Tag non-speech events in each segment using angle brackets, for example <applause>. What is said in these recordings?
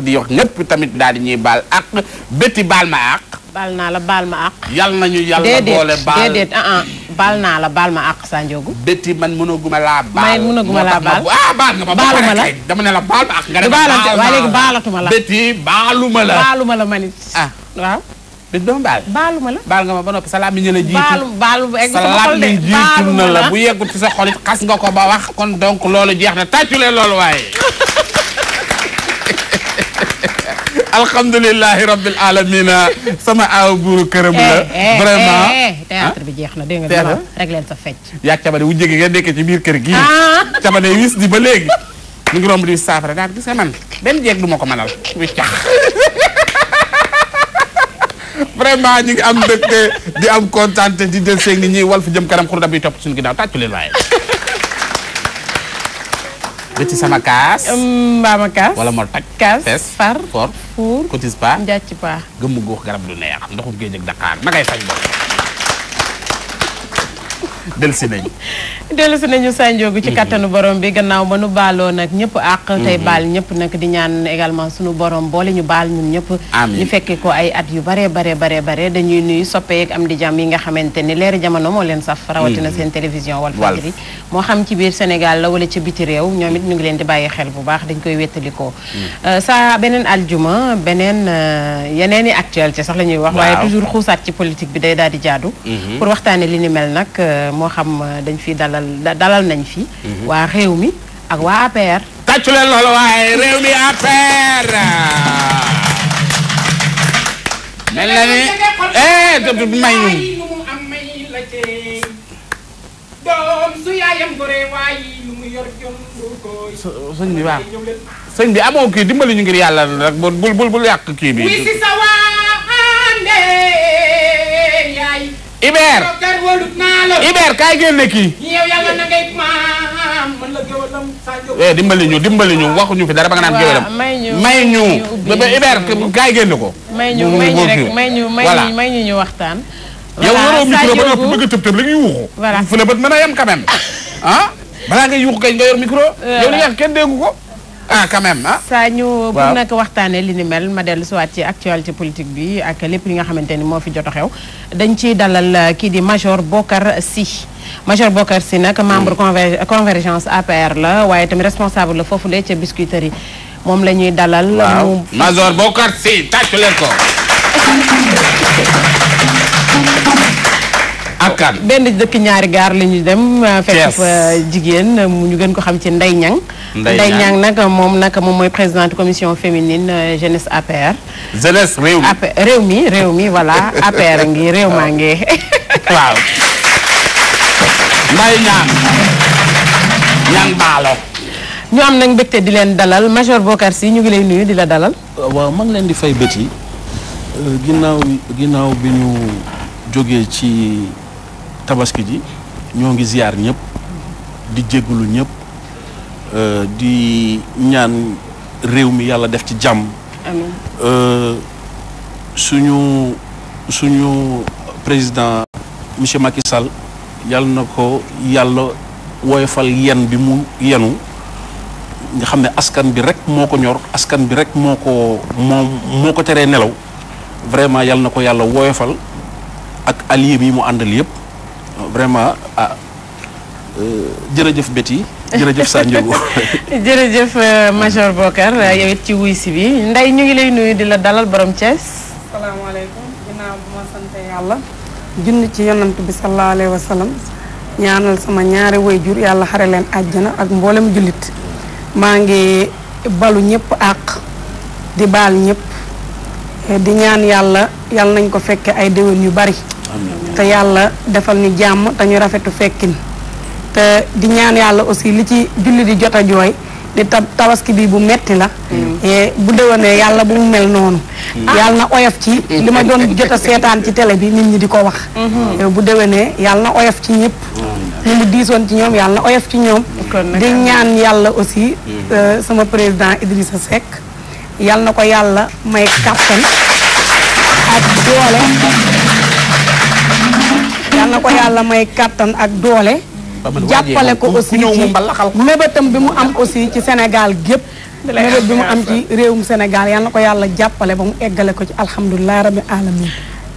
àq di yox ñëpp tamit daal di ñuy baal àq bétti baal ma àq. baal naa la baal ma àq. yal nañu yàlla boole baal déedéet ah, ah. baal naa la baal ma àq saa njóogu. bétti man mënaguma laa baal. ma baaluma ah, la dama ne la baal ma àq. nga ne baalatuma la. bétti baaluma la baaluma la man it. ah waaw. bét dama baal baaluma la baal nga ma ba noppi salaam mi ñu la jiitu baalu baalu egg sama xol bu yeggut sa xol it xas nga ko ba wax kon donc loolu jeex na tàccu loolu waaye <laughs> alhamdulilahi rabbil alamina sama aaw buuru këram la. Eh, eh, vraiment eh, théâtre bi jeex na dégg nga rek leen sa fecc. yaa ngi cabane wu jege nga nekk ci biir kër gii. Ah. cabane wis di ba léegi. ñu ngi romb di saafara daal gis nga man benn jeeg du ma ko manal muy cax. vraiment ñu ngi am mbégte di am kontaan te di del seeg nit ñi wal fa jëm kanam xurda bi topp suñu ginnaaw tàccu leen waaye. ci sama kaas. mbaa ma kaas wala ma toj. kaas far fes for. fuur cotise paa. njàcc paa. gëmm guux garab du neex ndoxum géej ak daqaar na ngay fañ bopp. <laughs> delsi nañu delsi nañu sànjoogu ci mhm. kattanu borom bi gannaaw ba nu baaloo nag ñëpp àq mhm. tey baal ñëpp nag di ñaan également sunu borom boole ñu baal ñun ñëpp ñu fekkee ko ay at yu bare bare bare bare dañuy nuyu soppeek am di jàmm yi nga xamante ni leeri jamono moo leen saf mhm. rawatina seen télévision wal fajri moo xam ci biir Sénégal la wala ci biti réew ñoom it ñu ngi leen di bàyyi xel bu baax dañ koy wettalikoo euh, saa beneen aljuma beneen euh, yeneen i actualité sax la ñuy wax waaye toujours ci politique bi day daal di jaadu Euh, moo xam euh, dañ fi dalal dalal nañ fi. Mhm. waa réew mi ak waa APR. tàccu leen loolu waaye réew mi APR. mel ni eh te bi waaw sëñ bi amoo kii dimbali ñu ngir yàlla rek bul bul bul yàq kii bi. Iber. Iber kaay génne kii. yow yàlla man la géwalam Sadio. Eh, dimbali ñu dimbali ñu waxuñu fi dara ba nga naan géwalam. may ñu may ñu ba Iber kaay génne ko. may ñu may ñu rek may ñu may ñu ñu waxtaan. yow yoroo micro ba noppi bëgg a tëb tëb rek yuuxu. voilà bët mën a yem quand <laughs> ah balaa nga yuuxu kay nga yor micro. yow li kenn déggu ko. ah quand ah. saa ñu pour nag waxtaanee li ni mel ma dellu si waat ci actualité politique bi ak lépp li nga xamante ni moo fi jot a xew dañ ciy dalal euh, kii di major Bokar Sy major Bokar si nag membre hmm. convergence APR la waaye tamit responsable la foofu le ca biscuiterie moom la ñuy dalal. waaw major Bokar Sy tàccu leen ko. <laughs> Akkaan benn dëkk ñaari gaar lañu dem. Euh, fekk fa jigéen euh, ñu gën ko xam ci Ndeye Niang. Ndeye Niang nag moom nag moom mooy présidente commission féminine euh, jeunesse APR. jeunesse réew mi réew mi réew mi voilà APR <laughs> ngi réew maa ngi. waaw. Ndeye ñu am nag mbégte di leen dalal major Bokar si ñu ngi lay nuyu di la dalal. waaw maa leen di fay bët yi ginnaaw ginnaaw bi ñu jógee ci tabaski ji ñoo ngi ziyaar ñëpp di jéggulu ñëpp euh, di ñaan réew mi yàlla def ci jàmm euh, suñu suñu président monsieur Macky Sall yàlla na ko yàlla woyofal yen bi mu yenu nga xam ne askan bi rek moo ko ñor askan bi rek moo ko moom moo ko teree nelaw vraiment yàlla na ko yàlla woyofal ak alliés yi mu àndal yëpp vraiment ah euh, jërëjëf Betty jërëjëf Sanjogo, <laughs> jërëjëf euh, Major Bokar euh, yow it ci wuy si bi nday ñu ngi lay nuyu di la dalal borom Thiès. salaamaaleykum ginnaaw bu ma sant yàlla. junni ci yonant bi sallallahu alayhi wa sallam ñaanal sama ñaari wayjur yàlla ak mboolem jullit maa ngi balu ñëpp àq di di ñaan nañ ko fekke ay yu bari. te yàlla defal ñu jàmm te ñu rafetu fekkin te di ñaan yàlla aussi li ci julli di jot a jooy di tab tabaski bii bu metti la mm. eh, bu déwénee yàlla bu mu mel noonu ah. yàlla na oyof ci li ma doon jot a seetaan ci tele bi nit ñi di ko wax mm-hmm. eh, bu déwénee yàlla na oyof ci ñëpp ñu mm. mu diisoon ci ñoom yàlla na oyof ci ñoom di ñaan yàlla aussi mm. eh, sama président Idrissa Seck yàlla na ko yàlla may kàttan ak doole yàlla na ko yalla may carton ak doole jappale ko aussi ci bi mu am aussi ci senegal gep mébét bi mu am ci rewum senegal yalla na ko yalla jappale ba mu eggale ko ci alhamdulilahi rabbil alamin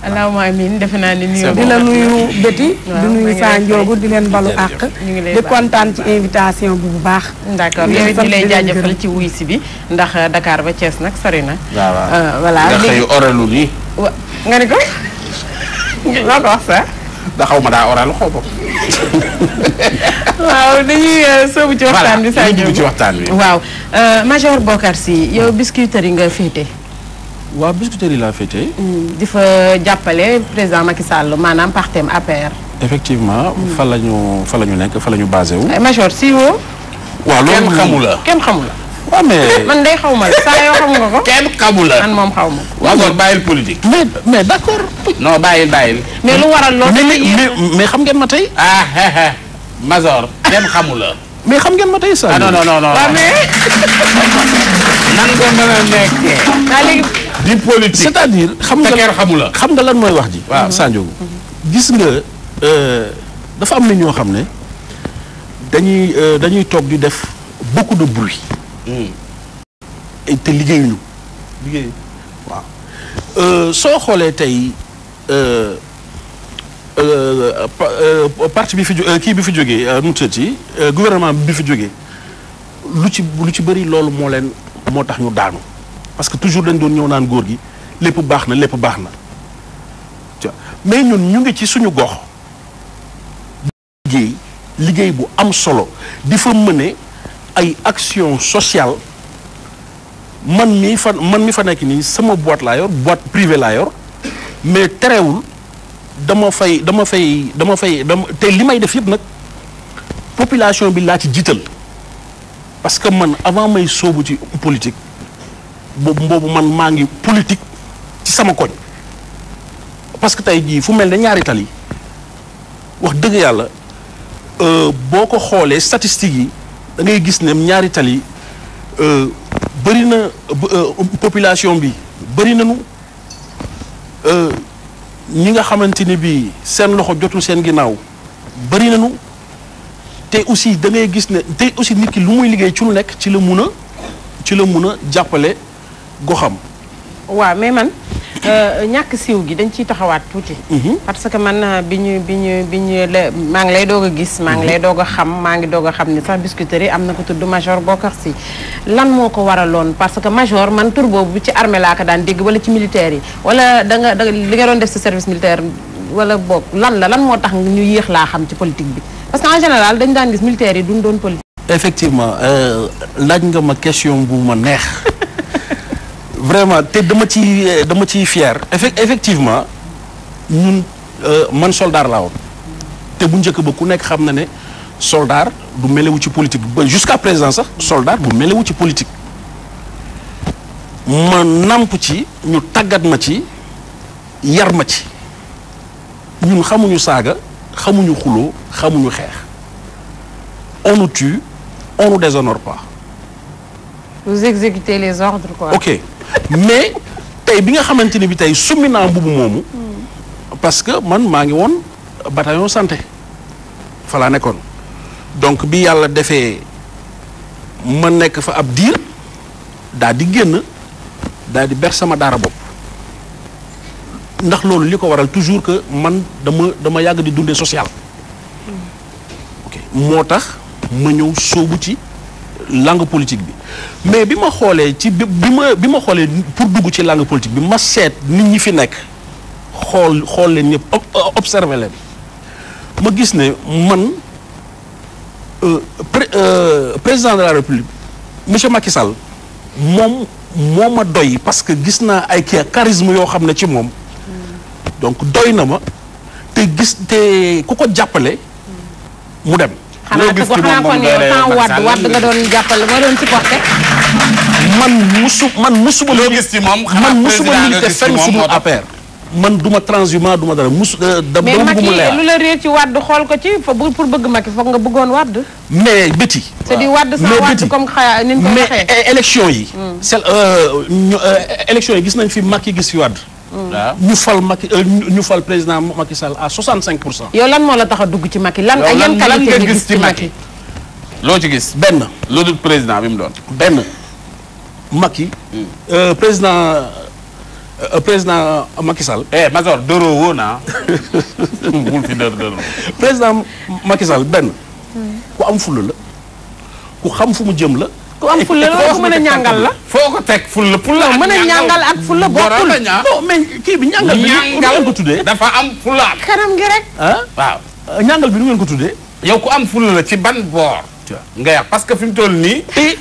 allahumma amin defena ni nuyu di la nuyu beti di nuyu sa njoogu di len balu ak di contane ci invitation bu bu baax d'accord yoy di ñu lay jaajëfal ci wuy bi ndax euh, Dakar ba Thiès nag sori na euh, voilà nga xëy oralu ni nga ni ko loo <laughs> ko wax da xaw ma daa oral xaw ma. waaw dañuy soobu ci waxtaan bi. saa ñu ci waxtaan bi. waaw Major Bokar si yow biscuiterie nga féete. waaw biscuiterie laa féete. Hmm, di fa jàppale eh, président Macky Sall maanaam partem APR. effectivement hmm. fa la ñu fa la ñu nekk fa la basé wu. Eh, Major si woo. waaw loolu xamula kenn xamula waaw mais <laughs> man day xaw ma la saa yoo xam nga ko. kenn xamu man moom xaw ma ko. waaw kon mais mais d' accord. non bàyyil bàyyil. mais lu waral loolu. mais mais xam ngeen ma tey. ah he he Mazor kenn xamu mais xam ngeen ma tey saa. ah non non ah, nga ah, xam nga kenn xamu xam nga lan mooy wax ji. waaw Sandiogou. gis nga euh, dafa am na ñoo xam ne dañuy euh, dañuy toog di def bokk de bruit. Eh. Et te liggéeyuñu. liggéey waaw euh, soo xoolee tey euh, euh, parti bi fi kii bi fi jógee nu mu gouvernement bi fi jógee lu ci lu ci bëri loolu moo leen moo ñu daanu parce que toujours dañ doon ñew naan góor gi lepp baxna lepp baxna mais ñun ñu ngi ci suñu gox. liggéey liggéey bu am solo di fa mëne ay action sociale man mi fa man mi fa nekk nii sama boîte laa yor boîte privée mais terewul dama fay dama fay dama fay dama te li may def yëpp nag population bi laa ci jiital parce que man avant may soobu ci politique mboobu man maa ngi politique ci sama koñ parce que tey jii fu mel ne ñaari tali wax dëgg yàlla euh, boo ko xoolee statistiques yi da ngay gis ne ñaari tali euh, bëri na euh, population bi bëri nañu euh, ñi nga xamante ni bii seen loxo jotul seen ginnaaw bëri nañu te aussi da ngay gis ne te aussi nit ki lu muy liggéey ci lu nekk ci la mun a ci la mun a jàppale goxam. waaw mais man. Euh, ñàkk siiw gi dañ ciy taxawaat tuuti. Mhm. parce que man euh, bi ñu bi ñu bi ñu le maa ngi lay doog a gis. maa ngi lay mhm. doog a xam maa ngi doog a xam ni sax yi am na ko tudd Major a si. lan moo ko waraloon parce que Major man tur boobu ci armée laa ko daan dégg wala ci militaire yi wala da nga li nga doon def sa service militaire wala boog lan la lan moo tax ñu yéex laa xam ci politique bi parce que en général dañ daan gis militaire yi duñ doon politique. effectivement euh, laaj nga ma question bu ma neex. <laughs> vraiment te dama ci dama fier effectivement ñun euh, man soldat soldat. woon te bu ñëk ba ku nekk xam na ne soldaar du wu ci politique jusqu'à présent ça, soldat, du wu ci politique man namp ci ñu tagat ma ci yar ma ci ñun xamuñu nous xamuñu xulo xamuñu on nous tue on nous déshonore pas vous exécutez les ordres quoi ok mais tey bi nga xamante ni bi tey summi naa mbubu moomu. parce que man maa ngi woon bataillon santé fa laa nekkoon donc bi yàlla defee ma nekk fa ab diir daal di génn daal di ber sama daara bopp ndax loolu li ko waral toujours que man dama dama yàgg di dundee social. moo tax ma ñëw sóobu ci. langue politique mais bima xolé ci bima bima xolé langue politique man président de la république monsieur Macky Sall doy parce que gis na ay charisme yo xamné ci mom donc doy na ma te gis té xanaa ko xanaa kon yow temps wadd wadd nga doon man musu man musuma loo moom man musuma milité fenn su dul man duma transhumant duma dara musu da doon bëgg mu leer mais lu la réer ci wadd xool ko ci pour bëgg Macky foog nga bëggoon wadd mais béti c'est di wadd sans wadd comme xaya ni ñu ko waxee élection yi hmm. c'est euh, euh, élection yi gis nañ fi yi gis fi wadd ñu fal Macky euh, ñu fal président Macky Sall à 65 pour cent. yow lan moo la tax a dugg ci Macky lan. ay yan qualité nga gis ci maki loo ci gis benn. lu président bi mu doon. benn Macky. Hmm. Euh, président euh, président Macky Sall. eh Mazor naa ah. <laughs> président makisal benn. Hmm. ku am fula la ku xam fu mu jëm la. ku am fulla la mën a ñàngal la. foo ko teg fulla fulla ak ñàngal mën a ñàngal ak fulla bokkul non mais kii bi ñàngal bi ñu ngeen ko tuddee. dafa am fulla kanam gi rek. Ah? waaw ah, ñàngal bi nu ngeen ko tuddee. yow ku am fulla la ci ban boor. nga yàq parce que fi mu toll nii. te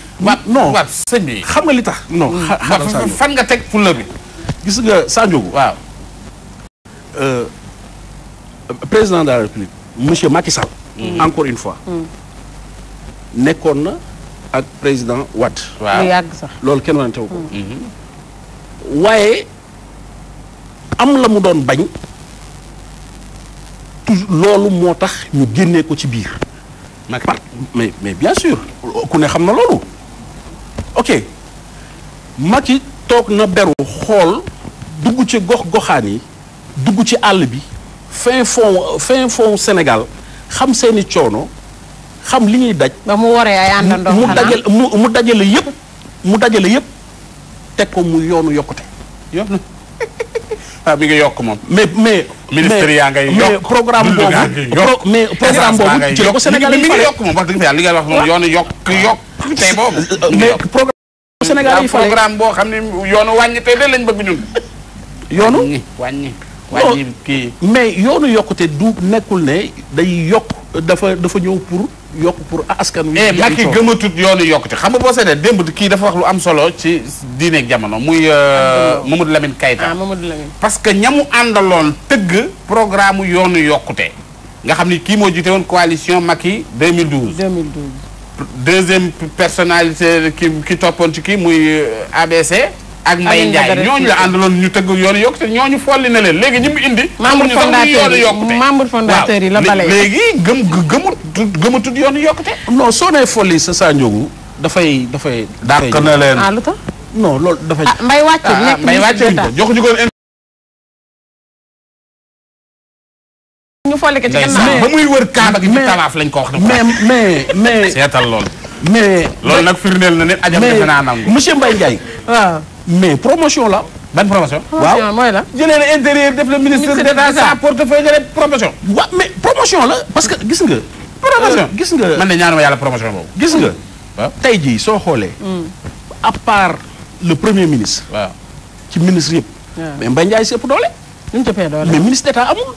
xam nga li tax non hmm. fan nga teg fulla bi. gis nga Sandiogou waaw. Euh, président de la république monsieur Macky Sall. Hmm. encore une fois. Hmm. nekkoon na. ak président Watt. waaw lu yàgg sax loolu kenn warante mm. mm-hmm. waaye am la mu doon bañ toujours loolu moo tax ñu génnee ko ci biir. mais mais bien sûr ku ne xam na loolu. ok Macky toog na beru xool dugg ci gox goxaan yi dugg ci àll bi fin fond fin fond Sénégal xam seeni coono. xam li ñuy daj. ba mu waree ay àndandoo mu dajale mu dajale yëpp mu dajale yëpp teg ko mu yoonu yokkute. yokk na <laughs> ah mi ngi yokk moom. mais mais. ministère yaa ngay yokk mais programme boobu. mais programme boobu ci la ko Sénégal yi fale. moom wax dëgg yàlla li nga wax moom yoonu yokk yokk tey boobu. <laughs> mais programme Sénégal yi fale programme boo xam ne yoonu wàññi tey de lañ bëgg ñun. yoonu wàññi. wàññi kii mais yoonu yokkute du nekkul ne day yokk dafa dafa ñëw pour yokk pour askan wi. eh Macky gëmatut yoonu yokkute xam nga boo seetee démb kii dafa wax lu am solo ci diineeg jamono muy. Euh, Mamadou Lamine Kayta ah Mamadou Lamine. parce que ñamu àndaloon tëgg programme yoonu yokkute. nga xam ni kii moo jiite woon coalition Macky mille 2012. deuxième personnalité ki ki toppoon ci kii muy euh, ABC. ak Mbaye Ndiaye ñooñu la àndaloon ñu tëgg yoonu yokkute ñooñu folli na leen léegi ñi mu indi. membre fondateur yi membre fondateur yi la bale léegi gëm gëmut gëmutut yoonu yokkute. non soo nee folli sa saa njóogu dafay dafay. dàq na leen ah lu tax non loolu dafay. ah Mbaye wàccul ah, nekk Mbaye wàccul ko joxuñu ko ñu folli ko ci gannaaw ba muy wër kaaba gi ci talaaf lañ ko wax. mais mais mais seetal loolu. mais loolu nag firndeel na ne ajam defe naa nangu. monsieur mais promotion là ban promotion. promotion Moi là. Je l'ai na intérieur def la ministre d'état sa portefeuille nga promotion. waaw mais promotion là parce que qu'est-ce nga. promotion quest euh, nga. que maintenant ñaanuma la promotion boobu. gis nga. waaw tey jii soo xoolee. Hmm. à part le premier ministre. waaw ci ministre yëpp. mais Mbaye Ndiaye si ëpp doole. ni mais ministre d'état amul.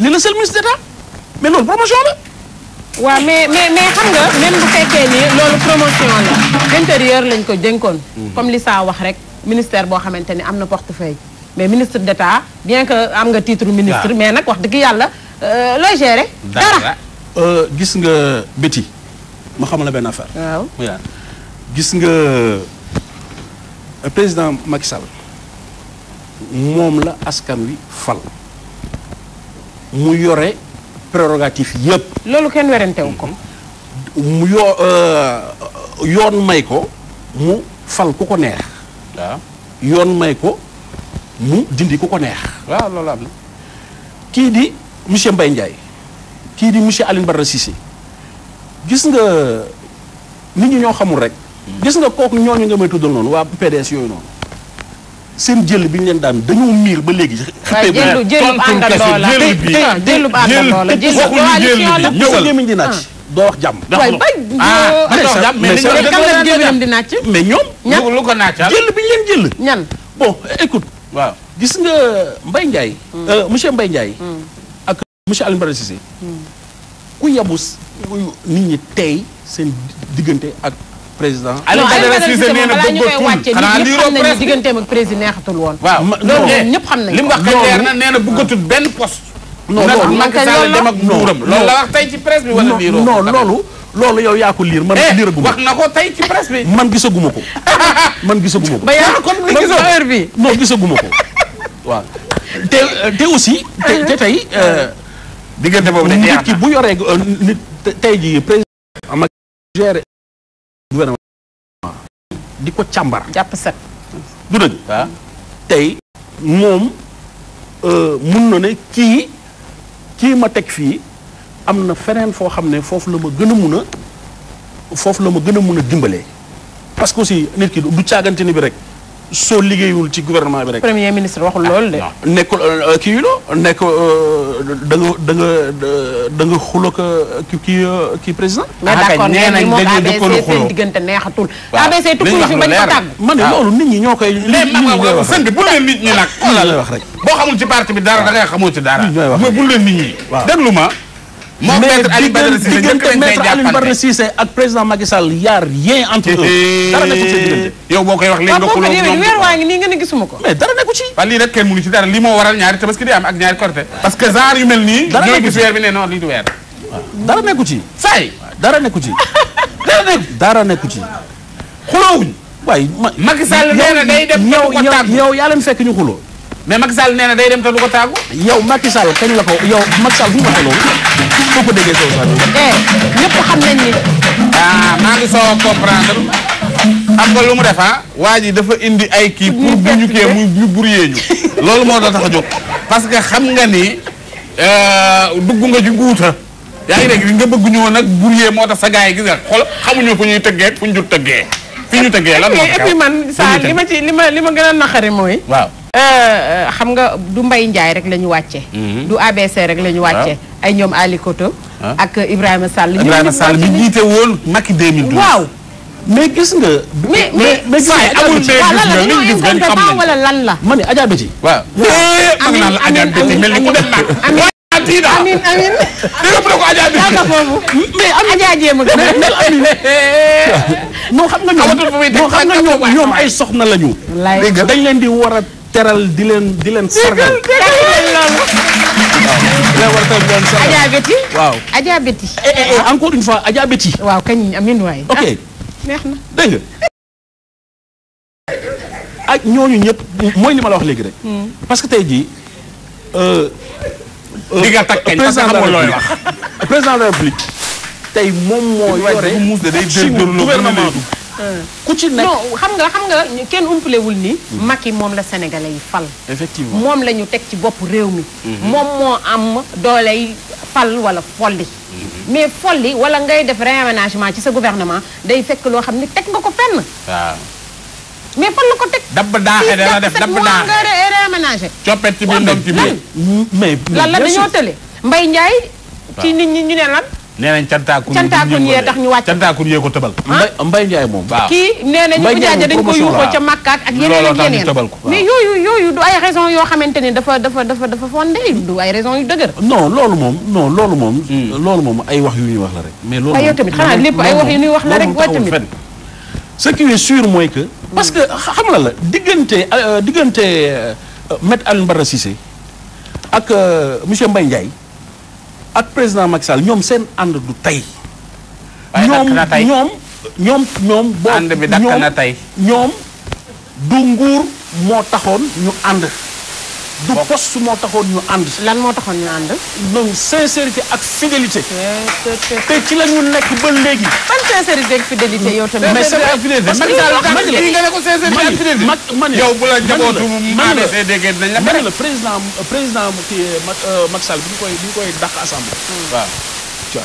li la seul ministre d'état mais non promotion là. waaw mais mais mais xam nga même bu fekkee ni promotion la intérieur lañ ko hmm. comme li saa wax rek. ministère boo xamante ni am na portefeuille mais ministre d' état bien que am nga titre ministre mais nag wax dëgg yàlla euh, looy gérer dara euh, gis nga bëti ma xam la benn affaire waaw gis nga euh, président Macky Sall moom la askan wi fal mu yore prérogatif yëpp loolu kenn werantewu ko mm-hmm. mu yoo yoon may ko mu fal ku ko neex waaw yoon may ko mu dindi ku ko neex waaw kii di monsieur mbay Ndiaye kii di monsieur Aline Barra gis nga nit ñi ñoo xamul rek hmm. gis nga kook ñooñu nga may tuddal noonu waa PDS yooyu noonu seen jël bi ñu leen daan dañoo miir ba léegi. xëy na jël jël bu àndandoo la jël ah, jël bu àndandoo la jël jël bu àndandoo la jël jël bu àndandoo la doo wax jàmm. waay bay ah mais mais ñoom. ñan lu ko naacaal ah? jël bi ñu leen jël. ñan bon écoute. waaw gis nga Mbaye Ndiaye. Hmm. Euh, monsieur Mbaye Ndiaye. Hmm. ak monsieur Alioune Badara Cissé. Hmm. ku yabus nit ñi tey seen diggante ak président. Alioune Badara Cissé nee na bëggatul xanaa lii roo presse digganteem ak président neexatul woon. waaw loolu ñëpp xam nañu ko. li mu wax leer na nee na bëggatul benn poste. non loolu Macky Sall dem ak nguuram loolu la wax tey ci presse bi wala liiroo loolu loolu yow yaa ko liir man eh, liiraguma wax na ko tey ci presse bi man gisaguma ko <laughs> man gisaguma ko ba yaa kon li gisaguma ko <laughs> te te aussi te uh-huh. tey euh, bu yoree euh, nit tey ko càmbar jàpp set du dëgg ah. tey moom euh, mun na kii ma teg fii am na feneen foo xam ne foofu la ma gën a mun a foofu la ma gën a mun a dimbale parce que aussi nit ki du càggante ni bi rek soo liggéeyul ci gouvernement bi rek. premier ministre waxul loolu de. Ah, nekkul euh, kii la nekk euh, da nga da da nga xuloo ko kii euh, kii président. Ah, ah, d'accord nee nañ dañuy dëkkalu xuloo seen diggante neexatul. ABC tukkuñu fi bañ man loolu nit ñi ñoo koy. li li wax sëñ bi bu leen nit ñi lay wax rek. boo xamul ci parti bi dara da ngay xamoo ci dara. bu leen nit ñi. waaw déglu ma. moo maître Alioune Badara Cissé diggante maître Alioune Badara Cissé ak président Macky Sall a rien entre eux. dara nekkul seen diggante. yow boo koy wax léegi nga xuloo ñoom weer waa ngi nii nga gisuma ko. mais dara nekku ci. waaw lii rek kenn mënu ci dara lii tabaski di am ak ñaari korte. parce que genre yu mel nii. dara nekku ci ñooy gis weer bi ne non lii du weer. dara nekku ci. say dara nekku ci. dara nekku ma Macky Sall nee na day def. yow yow yow yaa leen mais Macky Sall néna day dem te du ko taagu. yow Macky Sall kañ la ko yow Macky Sall buma xelo ko ko déggee soo eh ñepp xam nañ ni. ah ma ngi so comprendre am ko lu mu def ha ah? waji dafa indi ay ki pour buñu ñu muy ñu buryee ñu loolu mo do tax a parce que xam nga ni euh, dugg nga ci ngouta ah? ya ngi rek nga bëgg ñu nak buryee mo tax sa gaay gi gis xol xamu ñu fu ñuy tëggee fu ñu jut fi ñu tëggee lan moo et puis man sa lima, ci lima, lima, gëna naxari moy waaw. xam nga du mbay njaay rek la wàcce du ABC rek lañu ñu wàcce ay ñoom Ali Koto ak Ibrahima Sall Ibrahima Sall bi jiite woon Macky 2012 waaw mais gis nga mais mais mais gis nga xam am nga a a. non xam nga ñoom. amatul fu xam nga ñoom ay soxna lañu. dégg dañ leen di war teral di leen di leen sargal Adja Betty waaw Adja Betty eh, eh, eh, encore une fois Adja Betty waaw kañ amin waay ok mooy li ma la wax léegi rek hmm. parce que tey jii euh, euh, di nga takk kañ parce que xamul looy wax président de la république tey moom moo yore suñu gouvernement ku ci nekk xam nga xam nga kenn nii mag yi moom la sénégalais yi fal. effectivement moom la ñu teg ci bopp réew mi. Hmm. moom moo am doole dooley fal wala folli. Hmm. mais folli wala ngay def réaménagement ci sa gouvernement day fekk loo xam ni teg nga ko fenn. waaw. mais fan la ko teg. dabb daaxe dana def dabb daaxe nga réaménagé. coppet ci biir ci mais lan la dañoo tële. Mbaye Ndiaye. ci nit ñi ñu ne lan. nee nañ cantaakun yee tax ñu wàcc cantaakun yee ko tëbal ah. Mbaye Ndiaye moom waaw kii nee nañ bu jaaja dañ ko yuuxoo ca Makka ak yeneen ak yeneen tëbal ko mais yooyu yooyu du ay raison yoo xamante ne dafa dafa dafa dafa fondé du ay raison yu dëgër non loolu moom non loolu moom hmm. loolu ay wax yu ñuy wax la rek mais loolu ah, yow tamit xanaa lépp ay wax yu ñuy wax la rek waaye tamit ce qui est sûr mooy que hmm. parce que xam la la diggante euh, diggante euh, Maître Alioune Badara ak euh, monsieur Mbaye Ndiaye ak président Macky Sall ñoom seen ànd du tey. ñoom ñoom ñoom ñoom. bi dakk na tey ñoom du nguur moo taxoon ñu ànd. du poste moo taxoon ñu ànd. lan moo taxoon ñu ànd. donc sincérité ak fidélité. te ci la ñu nekk ba léegi. ban sincérité ak fidélité yow tamit. mais sincérité ak fidélité parce que lii nga ne ko sincérité ak man man yow la njabootu man la man la président président kii euh, euh, Macky Sall bi ñu koy bi ñu koy dàq assemblée. Hmm.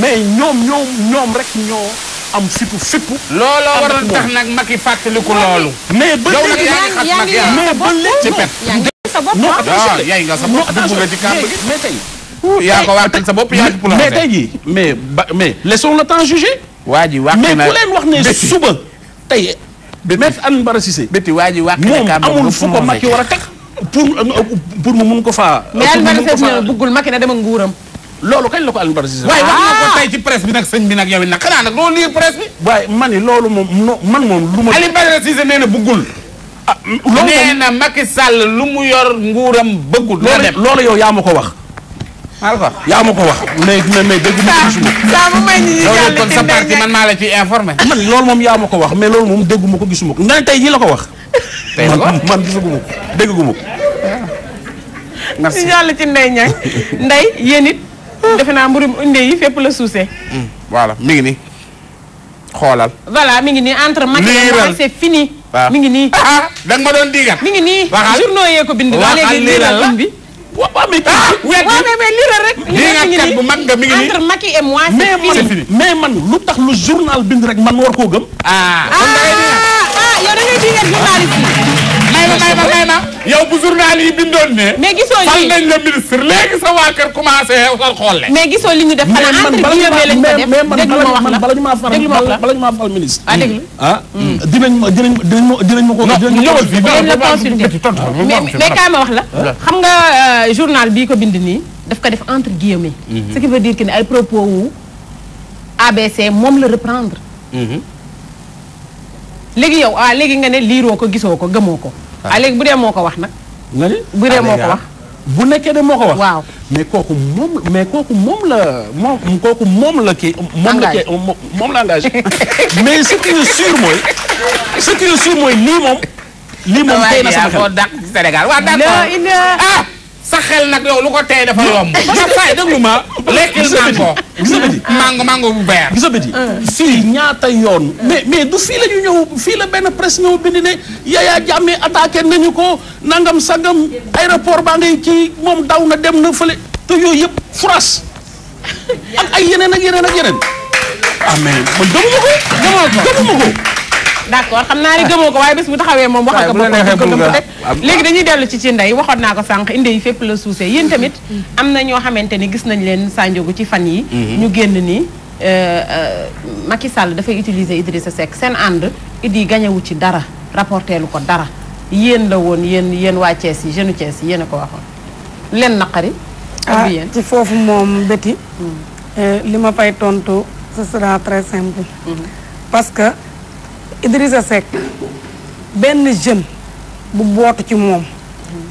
mais ñoom ñoom ñoom rek ñoo. am fipu fipu lolo waral tax nag Macky fàttaliku loolu. mais ba léegi nga sa bopp dugg ci kàmb gi mais tay yaa ko war sa bopp yaa ko mais tay jii mais mais laissons le temps juger. waa ji wax na mais ku len wax ne suba tay maître an Bara Cissé. bétti waa ji wax na kàmb moom amul fu ko Macky war pour pour mu mun ko fa mais Alioune Bara Cissé bugul maki na dama nguuram loolu kañ la ko Alioune Badara Cissé. waaye wax nako ah! tay ci presse bi nak seigne bi nak yow it nag xanaa nag lire presse bi. way man ni loolu mom man mom luma ma. Alioune Badara na bëggul. neena ah, loolu nee Macky Sall lu mu yor nguuram bëggul. la dem loolu yow yaa ma wax. maa la ko wax yaa ma ko wax. mais mais mais dégg ma ko gisuma. saa mu may ni ñu kon sa parti man maa la ci informer man loolu mom ya mako wax mais loolu mom dégguma ko gisuma ko ngay tay yi jii la ko wax. tay la ko man man ko dégguma ko. merci ah. ñu jàll ci ndey ñay ndey yenit defe naa mburum pour hmm, voilà mi voilà ni entre et moi, c'est fini. Mingini. ah ma mingi journaux entre et moi c'est fini. mais man journal bind rek may ma may ma yow bu journal yi bindoon ne. mais gisoo la ministre léegi mais gisoo li ñu def a entretien bee lañ ko def la ñu maa fal bala ñu maa fal ministre. ah déglu ah. Hmm. dinañ ma dinañ ma dinañ ma ko. dinañ ma ko ma ko dinañ la consulter mais wax la. xam nga euh, journal bii ko bind nii daf ko def entre guillemets. Mhm. ce qui veut dire que ne ay propos wu ABC moom la reprendre. Mhm. léegi yow ah, léegi nga ne liiroo ko gisoo ko gëmoo ko. ah, ah bu dee moo ko wax na nga ni bu dee ah, moo ah. wax. bu nekkee de moo ko wax. waaw mais kooku moom mais kooku moom la moom kooku moom la kii. moom la kii moom la engagé. <laughs> mais ce qui est sûr mooy. ce qui est mooy lii moom. lii moom tey na sama xel Sénégal sax xel nag yow lu ko tey dafa yomb. nga fay déglu ma. lekkil mango mango mango bu beer. gis mm. fii ñaata yoon. Mm. mais mais du fii la ñu ñëw fii la benn presse ñëw bind ne Yaya Jammeh attaqué nañu ko nangam sangam aéroport baa ngay ci moom daw na dem na fële te yooyu yëpp France ak ay yeneen ak yeneen ak yeneen. ah mais man gëmuma ko. gëmuma ko ko. d'accord xam naa ne gëmoo ko waaye bés bu taxawee moom waxal ko boppam léegi dañuy dellu ci ci ndey waxoon naa ko sànq inde yi fépp la suuse yéen mm-hmm. tamit am na ñoo xamante ni gis nañ leen sànjogu ci fan yi mm-hmm. ñu génn nii euh, euh, Macky Sall dafay utiliser sa Seck seen ànd Idi gañewu ci dara rapporteelu ko dara yéen la woon yéen yéen waa Thiès yi jeune Thiès yi yéen a ko waxoon leen naqari ah ci foofu moom béti mm. euh, li ma fay tontu ce sera très simple mm-hmm. parce que Idrissa Seck benn jeune bu bootu ci moom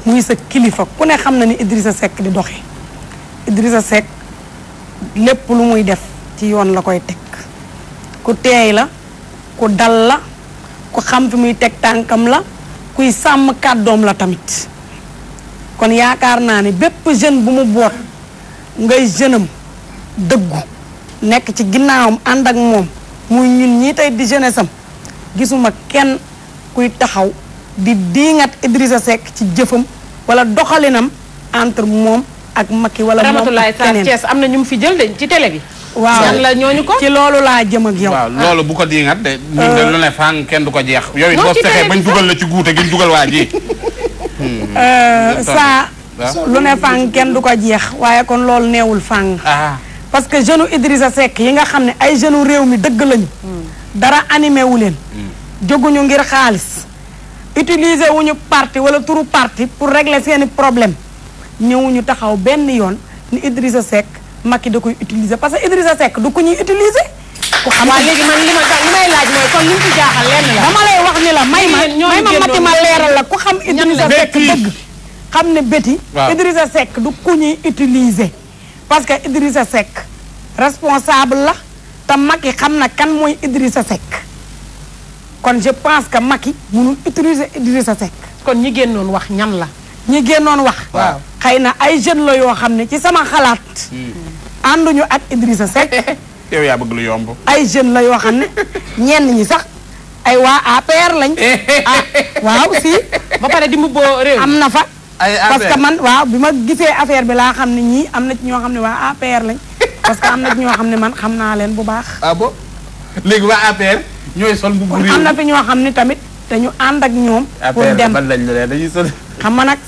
muy sa kilifa ku ne xam na ni Idrissa Seck di doxe Idrissa Seck lépp lu muy def ci yoon la koy teg ku teey la ku dal la ku xam fi muy teg tànkam la kuy sàmm kàddoom la tamit kon yaakaar naa ni bépp jeune bu mu boot ngay jeunam dëggu nekk ci ginnaawam ànd ak moom muy ñun ñii tey di jeunesse am gisuma kenn kuy taxaw di diingat Idrissa Seck ci jëfam wala doxalinam entre moom ak Macky wala moom Ramatoulaye Sarr Thiès am na ñu mu fi jël de ci tele bi. waaw ñooñu ko ci loolu laa jëm ak yow. loolu bu ko diingat de. Euh, ñun de lu ne fang kenn du ko jeex. yow it boo bañ dugal la ci guute gi waa euh, hmm. lu ne kenn du ko jeex waaye kon loolu neewul fang. Ah. parce que jeune Idrissa Seck yi nga xam ne ay jeune réew mi dëgg lañu. Hmm. dara animé wu leen. Mm. jóguñu ngir xaalis. utiliser wuñu parti wala turu parti pour régler seeni problème ñëwuñu taxaw benn yoon ni Idrissa Seck ki da koy utiliser parce que Idrissa Seck du ku ñuy utiliser. ku xam la. dama lay wax ni la may ma may ma xam. Idrissa Seck dëgg xam ne béti. waaw Idrissa Seck du ku ñuy utiliser. parce que Idrissa Seck responsable la. ta maki xamna kan moy Idrissa sek kon je pense que maki mënul utiliser Idrissa sek kon ñi génnoon wax ñan la. ñi génnoon wax. waaw ay jeune la yo xamne ci sama xalaat. Hmm. ànduñu ak Idrissa sek <laughs> yow ya bëgg lu yomb. ay jeune la yo xamne ñen ñi sax ay waa APR lañ. <laughs> Ah, waaw si. ba pare di mbubboo rew amna fa. parce que man waaw bima gisé affaire bi la xam ñi amna ci ño xam wa APR lañ. parce que am na ñoo xam ne man xam naa leen bu baax. ah léegi waa APR ñooy sol bu réew am na fi ñoo xam ne tamit dañu ànd ak ñoom. pour dem lañ la dañuy sol. xam ma nag.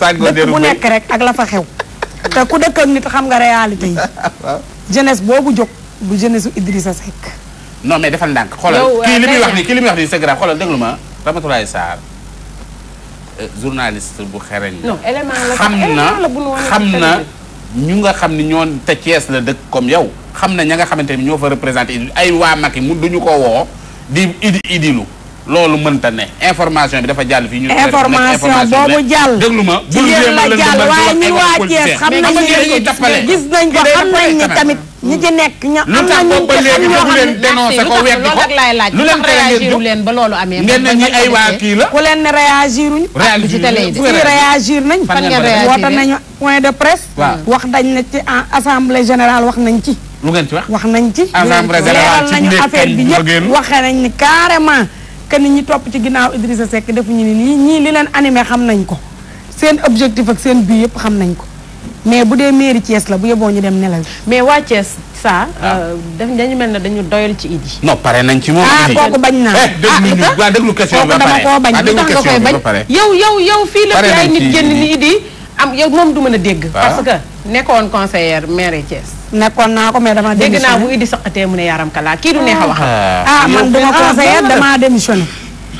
dëkk bu nekk rek ak la fa xew. <laughs> te ku dëkk nit xam nga réalité yi. <laughs> jeunesse boobu jóg bu jeunesse su Idrissa Seck. non mais defal ndànk xoolal kii li muy euh, wax nii kii li muy wax nii c'est grave xoolal déglu ma Ramatoulaye Sarr euh, journaliste bu xereñ la. xam na xam na. ñu nga xam ni ñoo te Thiès la dëkk comme yow xam na ña nga xamante ni ñoo fa représenté ay waa Macky mu ñu ko woo di idi idilu loolu mënta ne information bi dafa jàll fii. ñu information boobu jàll. déglu ma bul jéem a lënd waaye ñun waa Thiès xam nañ ñu gis nañ ko xam nañ ni tamit. ñi ci nekk ña am na ñu ba léegi mu leen dénoncé ko weddi ko lu leen réagir leen ba loolu amee ngeen ne ñi ay waa kii la ku leen ne réagiruñ ci télé yi fii réagir nañ woote nañu point de presse wax dañ na ci assemblée générale wax nañ ci lu ngeen ci wax wax nañ ci leeral nañu affaire bi yëpp waxee nañ ni carrément que nit ñi topp ci ginnaaw Idrissa Seck defuñu ni lii ñii li leen animé xam nañ ko seen objectif ak seen bi yëpp xam nañ ko mais bu dee mairie Thiès la bu yeboo ñu dem nelaw mais waa Thiès saa. Ah. Euh, daf dañu mel ne dañu doyal ci Idi. non pare nañ ci moom. ah kooku bañ naa eh, ah, ah déglu question bi ba pare kooku dama koo bañ. Ah, yow yow fii la fi ay nit génn ni du mën a dégg. parce que nekkoon conseillère maire Thiès. nekkoon naa ko mais dama dégg naa bu Idi saqatee mu ne yaram kalaa kii du neex a wax. ah man duma conseillère damaa démissionné.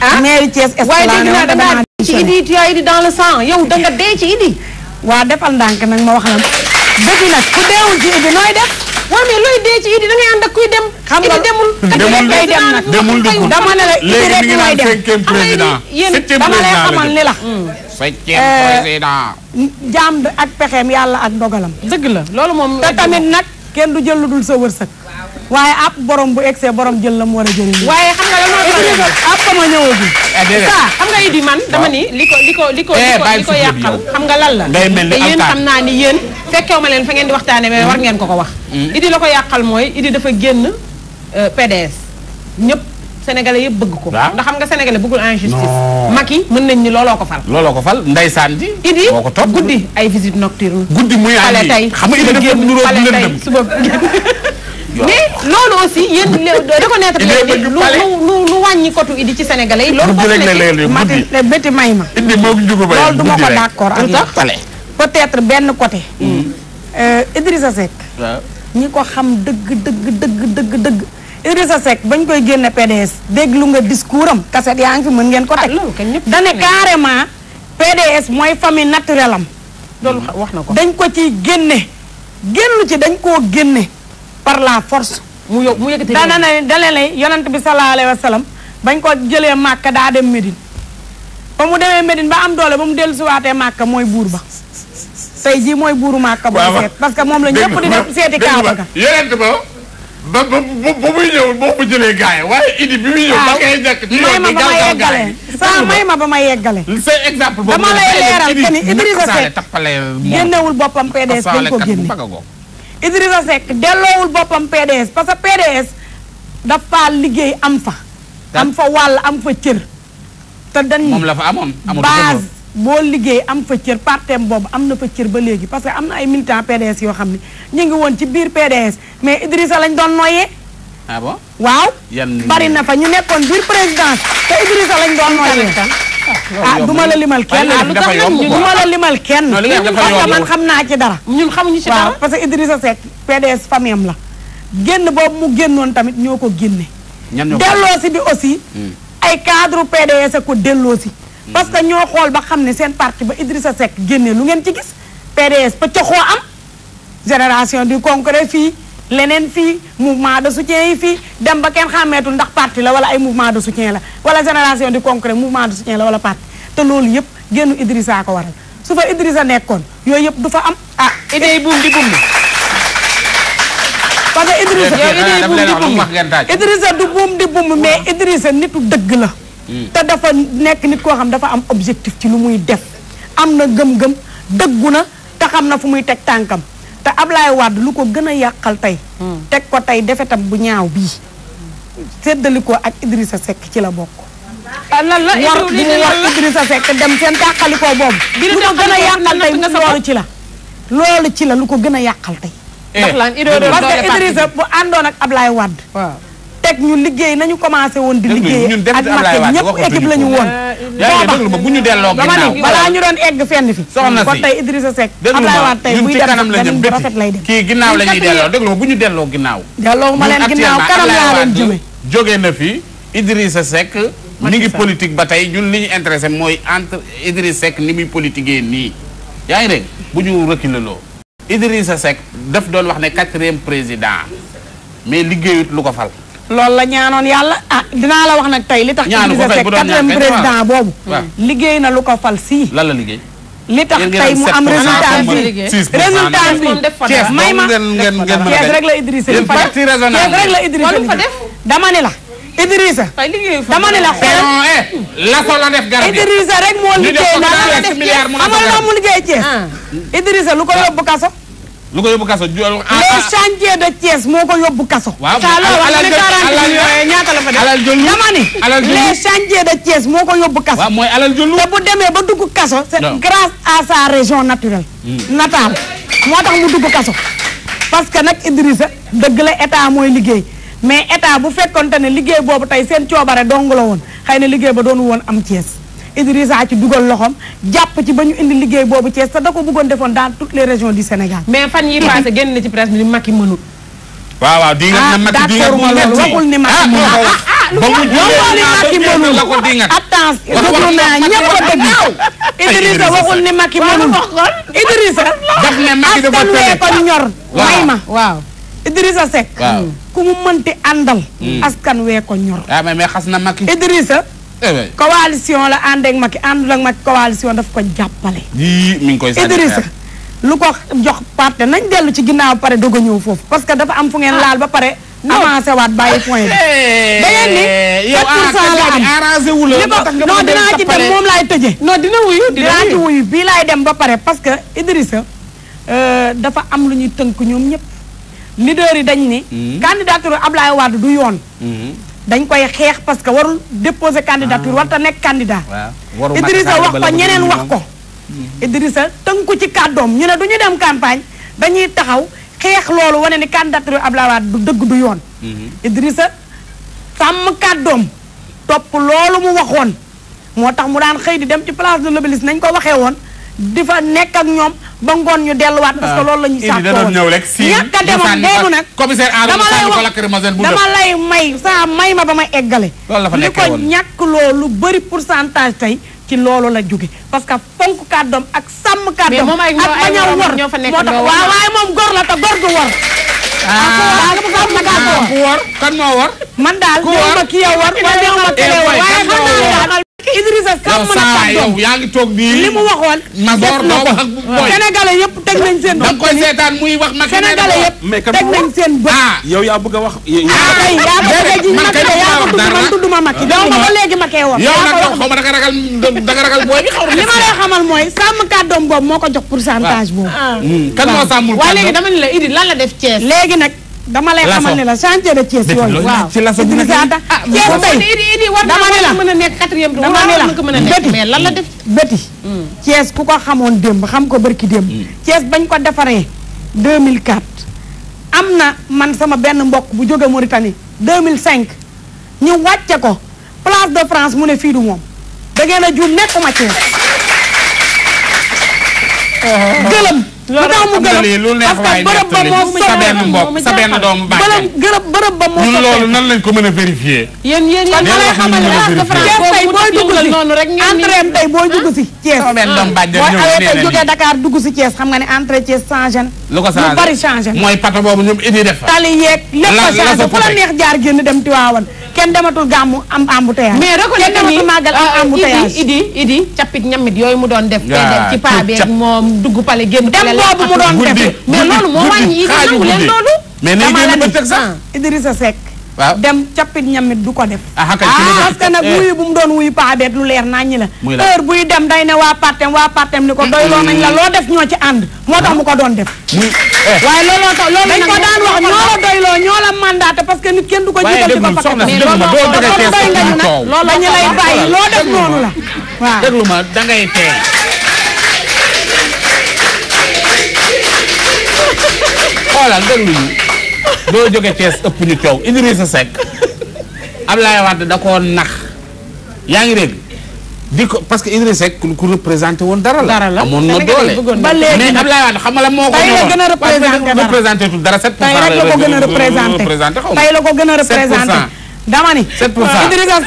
ah maire Thiès est ce dee ci Idi yaa Idi dans le sang yow danga dee ci Idi waa defal ndànk nag ma wax la dëgg nag ku deewul ci Idy nooy def waa mais looy dee ci Idy da ngay ànd kuy dem. xam demul kay dem demul demul dama ne la Idy rek mooy dem cinquième président yéen dama lay xamal ni la. cinquième hmm. euh, président. ak pexeem yàlla ak ndogalam. dëgg la loolu moom. te tamit nag kenn du jël lu dul sa wërsëg. waaye ab borom bu egsee borom jël la mu war a jëriñ. waaye xam nga lan moo problème ab sama ñëwagul. Ah, saa xam nga Idy man dama ni li ko li ko li ko eh, li ko yàqal xam nga lal la. mel ni te yéen xam naa ni yéen fekkew ma leen fa ngeen di waxtaanee mais hmm. war ngeen ko ko wax. Hmm. Idy la ko yàqal mooy Idy dafa génn euh, PDS ñëpp. sénégalais yëpp bëgg ko ndax xam nga sénégalais bëggul injustice Macky mën nañ ni looloo ko fal looloo ko fal ndeysaan ji idi guddi ay visite nocturne guddi muy andi xam nga idi dafa <laughs> mais loolu aussi yéen reconnaître leen lu lu lu wàññi kotu idi ci sénégalais yi loolu foofu béti eh, may ma loolu du ma ko d'accord ak yow peut-être benn côté hmm. euh, Idrissa Seck ñi ko xam dëgg dëgg dëgg dëgg dëgg Idrissa Seck bañ koy génne PDS déglu nga discours am kaset yaa ngi fi mën ngeen ko ah, teg dane carrément PDS mooy famille naturelle am loolu wax na ko dañ ko ci génne génn ci dañ koo génne par la force mu yo mu yëkkati dana na dana ne yonent bi sallallahu alayhi wasallam bagn ko jele makka da dem Medine ba mu demee Medine ba am doole ba mu dellu waté makka moy bour ba tay ji moy bouru makka ba seet parce que mom la ñepp di def seeti ejak. ga yonent ba ba ba ba muy ñëw boo ko jëlee gaay waaye idi bi muy ñëw ba ngay nekk ci yoon bi ba gaaw gaay saa may ma ba ma yeggale c'est exemple boobu dama lay leeral que Idrissa Seck génnewul boppam PDS dañ ko génne Idrissa Seck delloowul boppam PDS parce que PDS dafa liggéey am fa. am fa wàll am fa cër. te dañ moom la fa amoon base boo liggéey am fa cër partem boobu am na fa cër ba léegi parce que am na ay militants PDS yoo xam ne ñu ngi woon ci biir PDS mais Idrissa lañ doon noyyee. ah bon waaw. bari na fa ñu nekkoon biir présidence te Idrissa lañ doon noyyee. Ah, ah du ma la limal kenn lu tax nag du ma la limal kenn parce que man xam naa ci dara ñun xamuñu ci dara parce que Idrissa Seck PDS famille am la génn boobu mu génnoon tamit ñoo ko génne delloosi bi aussi hmm. ay cadre PDS a ko delloosi hmm. parce que ñoo xool ba xam ne seen parti ba Idrissa Seck génne lu ngeen ci gis PDS pëccaxoo am génération du concret fii lenen fi mouvement de soutien yi fi dem ba ken xametul ndax parti la wala ay mouvement de soutien la wala génération du concret mouvement de soutien la wala parti te loolu yep gennu Idrissa ko waral su fa Idrissa nekkon yoy yep du fa am ah idée boum di boum parce que Idrissa idée di buum Idrissa du boum di boum mais Idrissa nitu deug la hmm. te dafa nekk nit ko xam dafa am objectif ci lu muy def am gem gem deuguna dëggu na fu muy tek tankam te ab Ablaye Wade lu ko gën a yàqal tey. Hmm. teg ko tey defetam bu ñaaw bii. séddali ko ak Idrissa sekk ci la bokk. Ah, lan la war bu mu war Idrissa Seck dem seen tàqalikoo boobu. lu ko gën a yàqal tey loolu ci la. loolu ci la lu ko gën a yàqal tey. Eh. ndax lan Idrissa bu àndoon ak Ablaye Wade. teg ñu liggéey nañu commencé woon di liggéey ak Macky ñëpp équipe la ñu woon ñu delloo ginnaaw balaa ñu doon egg fenn fi soxna si kon tey Idrissa Seck Abdoulaye Wade tey buy dem dem bu rafet lay def kii ginnaaw la ñuy ma ñu delloo leen ginnaaw jóge na fi Idrissa Seck ni ngi politique ba tey ñun li ñu intéressé mooy entre Idrissa Seck ni muy politiquee nii yaa ngi dégg bu ñu reculer loo Idrissa Seck daf doon wax ne quatrième président mais liggéeyut lu ko fal lool la ñaanoon yàlla ah dinaa la wax nag tey li tax. ñaanu ko fay boobu. liggéey na lu ko fal sii. lan la li tax tey mu am résultat bi résultat bi may ma Cees rek la Idrissa li fa Cees rek la Idrissa li la Idrissa dama la xool eh, la rek moo liggéey na xamal na mu liggéey Cees ah. Idrissa lu ko yóbbu kaso lu ko yóbbu kaso ju. Ah, les ah. chantiers de Thiès moo ko yóbbu kaso. waaw alal jël alal les chantiers de Thiès moo ko yóbbu kaso. mooy alal te bu demee ba dugg kaso. c'est grâce à sa région naturelle. Hmm. natale moo tax mu dugg kaso. parce que nag Idrissa dëgg la état mooy liggéey mais état bu fekkonte ne liggéey boobu tey seen coobare dong la woon xëy na liggéey ba doonu woon am Thiès. Idrissa ci dugal loxoom jàpp ci ba ñu indi liggéey boobu Thiès sa da ko defoon dans toutes les régions du Sénégal. mais fan yi passé génn na ci presse bi ni Macky mënul. waaw waaw di nga ah, na Macky di nga waxul ni Macky ah, mënul ah, ba mu waxul ni Macky mënul attention dugg naa ñëpp a dégg Idrissa waxul ni Macky mënul Idrissa daf ne Macky dafa ko ñor may ma waaw Idrissa Seck ku mu mënti àndal hmm. askan wee ko ñor mais mais xas na Macky Idrissa Eh, coalition la ànd ak Macky àndul ak Macky coalition daf ko jàppale. yii koy Idrissa lu ko jox parte nañ dellu ci ginnaaw pare doog a ñëw foofu parce que dafa am fu ngeen ah. laal ba pare. avancé waat bàyyi point bi. Eh, da ngeen ni 4 ah, dem moom laay tëjee. non dina wuyu dinaa wuyu bii laay dem ba pare parce que Idrissa euh, dafa am lu ñuy tënk ñoom ñëpp leader yi dañ ni. Hmm. candidature Ablaye Wade du yoon. Hmm. dañ koy xeex parce que warul déposer candidature ah. warta nekk candidat Idrissa wax ko ñeneen wax ko hmm. Idrissa tënku ci kàddoom ñu ne du ñu dem campagne dañuy taxaw xeex loolu wane ni candidature Abdoulaye Wade du dëgg du yoon hmm. Idrissa sàmm kàddoom topp loolu mu waxoon moo tax mu daan xëy di dem ci place de l'Obélisque nañ ko waxee woon di nek ak ñom ba ngon ñu wat parce que ah, loolu la ñu sàkkoon indi da doon ñëw rek si ñàkk commissaire Adam dama lay wax dama lay may sa may ma ba ma eggale li ko loolu bari pourcentage tay ci loolu la jóge parce que fonk kaddom ak sam kaddom ak baña wor moo tax waay waaye gor la ta gor du wor kan moo war? man daal ñëw ma kii wor eh, war? ñëw ma kii kan Idrissa Seck mën a yow yaa ngi li mu waxoon. Masor doo wax ak booy sénégalais yëpp teg nañ seen bët. da koy seetaan muy wax Macky sénégalais yëpp teg nañ seen bët. Ah. yow yaa bëgg wax. ah kay yaa bëgg a ji tudd ma Macky doo ma ba léegi ma koy wax. yow nag xaw ma da nga ragal da ma. li ma lay xamal mooy sàmm kàddoom boobu moo ko jox pour boobu. Ah. Hmm. kan moo sàmmul kàddoom waaw léegi dama ni la Idrissa lan la def Thiès léegi nag. dama lay xamal ne la chantier de Thiès yooyu waaw ci la dama ne la mën a nekk quatrième dama ne la bëti mais la def bëti hmm. Thiès ku ko xamoon démb xam ko bërki démb hmm. Thiès bañ ko defaree 2004 am na man sama benn mbokk bu jógee jóge Mauritanie 2005 ñu wàcce ko place de France mu ne fii du moom da ngeen a juum nekkuma Thiès uh-huh. gëlëm lu tax mu gërëm parce bërëb ba moo sa benn mbokk sa benn bërëb ba moo loolu nan lañ ko mën a vérifier yéen yéen yéen ma lay xamal la tey dugg si entrée tey booy dugg si Thiès dugg si Thiès xam nga ne entrée Thiès changé lu bari changé mooy pato boobu ñoom idi def tali yeeg lépp a fu la neex jaar génn dem Tiwaawan kenn dematul gàmmu am embouteillage mais reconnaître kenn dematul màggal euh, ñamit yooyu mu doon def ci paa moom dugg boobu mu doon def mais loolu moo wàññi idi nangu leen loolu mais nay génn bëccëg sax ah, dem cappit ñamit du ko def ah, ah, parce que nag eh. wuyu bu mu doon wuyu paabeet lu leer nañ ñi la heure buy dem day ne waa partem waa partem ni ko doy loo nañ la mm. loo def ñoo ci ànd moo tax mu ko doon def mm. eh. waaye looloo tax loolu dañ ko daan wax ñoo la doyloo ñoo parce que nit kenn du ko jiital di ko fakkat mais loolu doy nga ñu nag loolu dañu lay bàyyi loo def noonu la waaw xoolal déglu ñu doo jóge Thiès ëpp ñu coow Idrissa Seck Ablaye Wade da koo nax yaa ngi dégg di ko parce que Idrissa Seck ku représenté woon dara la. dara la amoon na doole ba léegi mais Ablaye Wade xam nga la moo ko. tey la gën a représenté dara représenté tout dara 7 pour cent la ko gën a représenté tey la ko gën a représenté. dama ni 7 pour cent Idrissa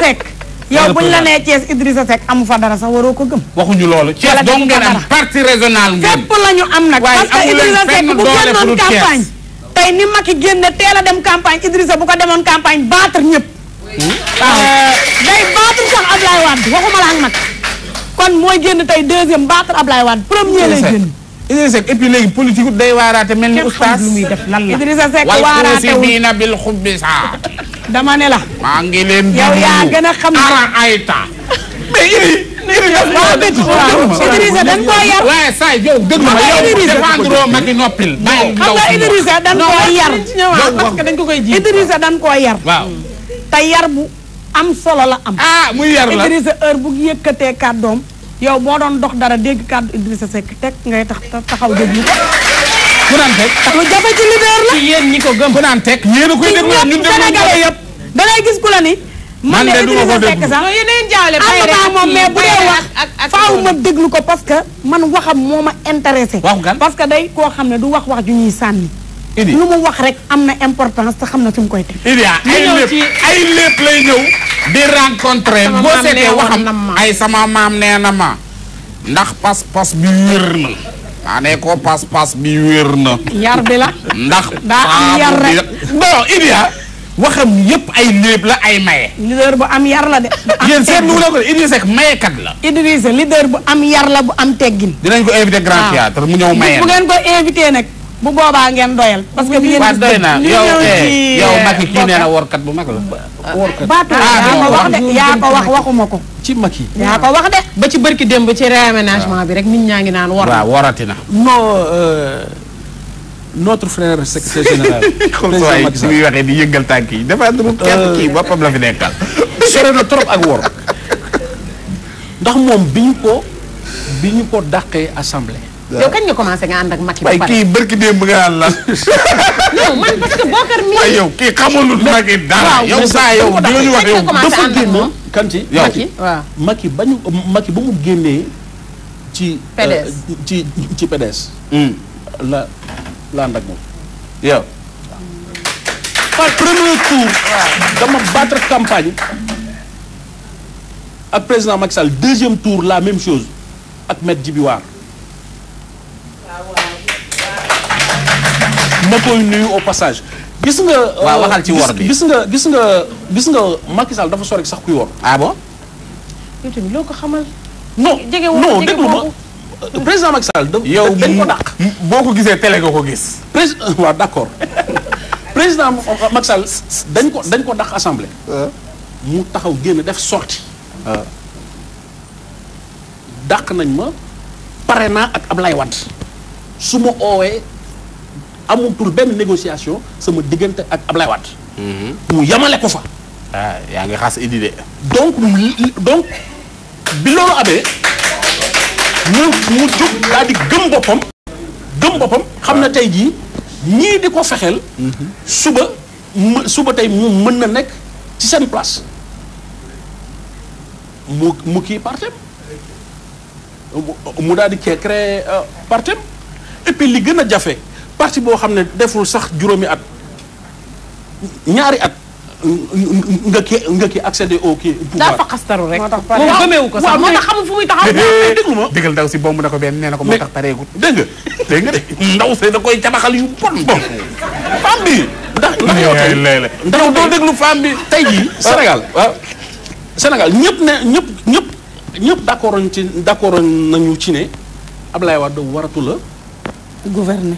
yow buñ la nee Thiès Idrissa Seck amu fa dara sax waroo ko gëm. waxuñu loolu Thiès dong ngeen am parti régional ngeen. fépp la ñu am nag. parce que Idrissa Seck bu génnoon campagne. tey ni Macky génne teel a dem campagne Idrissa bu ko demoon campagne battre ñëpp. waaw ah. euh, day battre sax Ablaye Wade waxuma la ak nag. kon mooy génn tey deuxième battre Ablaye Wade premier lay génn. Idrissa Seck et puis léegi politique day waaraate mel ni oustaz. Idrissa Seck waaraate wul dama ne la. maa ngi leen di. yow yaa gën a xam ne ara ayta. mais dañ koo yar. waaye Saïd koo yar. ko koy ji. Idrissa dañ koo yar. waaw te yar bu am solo la am. ah muy yar la bu yëkkatee kàddoom yow boo doon dox dara dégg kàddu Idrissa Seck teg ngay tax taxaw déglu ko. ku naan teg. lu ci leader la. ci ñi ko gëm ku naan teg. yéen a koy déglu ñun déglu Sénégalais yëpp. gis ku la ni. man de du ma ko déglu man moom mais bu dee wax. faaw ma déglu ko parce que man waxam moo ma intéressé. waxu gan parce que day koo xam ne du wax wax ju ñuy sànni. idi lu mu wax rek am na importance te xam na fi mu koy teg. idi ah, ay lépp ay lépp lay ñëw. di rencontré boo seetee waxam ay sama maam nee ma ndax pas-pas bi wér la. maa ko pas-pas bi wér na. yar bi la. ndax daa am yar rek non Idia. waxam yëpp ay léeb la ay maye. leader bu am yar la de. <laughs> yéen seen nu ko Idrissa Seck mayekat la. Idrissa leader bu am yar la bu am teggin. dinañ ko invité grand ah. théâtre mu ñëw maye bu nag. bu boobaa ngeen doyal. parce que bi ngeen gis doy naa yow eh, yow Macky bu mag ah, wax waxuma ko. ci mag ya ko wax kan de ba ci barki dem ba ci réaménagement ya, ya. bi rek nit ñangi naan war wa warati na non eh, notre frère secrétaire général comme <laughs> ça ci waxe di yëngal tanki dafa dul kenn ki bopam la fi nekkal sore na trop ak wor ndax mom biñ ko biñ ko dàqee assemblée yow kan nga commencé nga and ak Macky ba pare kii barki dem nga ànd la non man parce que Bokar mi yow kii xamulul Macky dara yow sa yow bi ñu wax yow dafa génn kan Maki, Maki, Macky euh, hmm. la la premier tour battre campagne à président Macky Sall deuxième tour la même chose à maître ah, au passage gis nga. waaw euh, waxal ci wor bi gis nga gis nga gis nga Macky dafa sore sax kuy wor. ah bon. yow tamit loo ko xamal. non non déglu ma président Macky Sall. yow dañ ko dàq. boo ko gisee télé nga ko gis. président <laughs> waaw d'accord <laughs> président Macky Sall dañ ko dañ ko dàq assemblée. Euh. mu taxaw génn def sortie. Euh. dàq nañ ma pare naa ak Ablaye Wade su ma oowee. tour de négociation sama diggante ak Ablaye Wade. mu yamale ko fa. ah ya ngi idi donc donc bi à abé nous mu daal di gëm gëm la ah. di ko suba suba mu ci seen place mu partem euh, partem et puis li gëna a parti boo xam ne deful sax juróomi at ñaari at nga kii nga kii accéder au kii pouvoir. daa fa xastaru rek. moo tax pare moom gëmeewu ko sax moo tax xamul fu muy taxaw. <laughs> déglu na ko moo tax pareegut. dégg nga dégg nga de ndaw si da koy cabaxal yu bon bon. femme bi. ndax ndax yow tey ndax doo déglu femme bi tey jii. Sénégal waaw Sénégal ñëpp ne ñëpp ñëpp ñëpp d'accord ci d'accord nañu ci ne Ablaye Wade waratu la gouverner.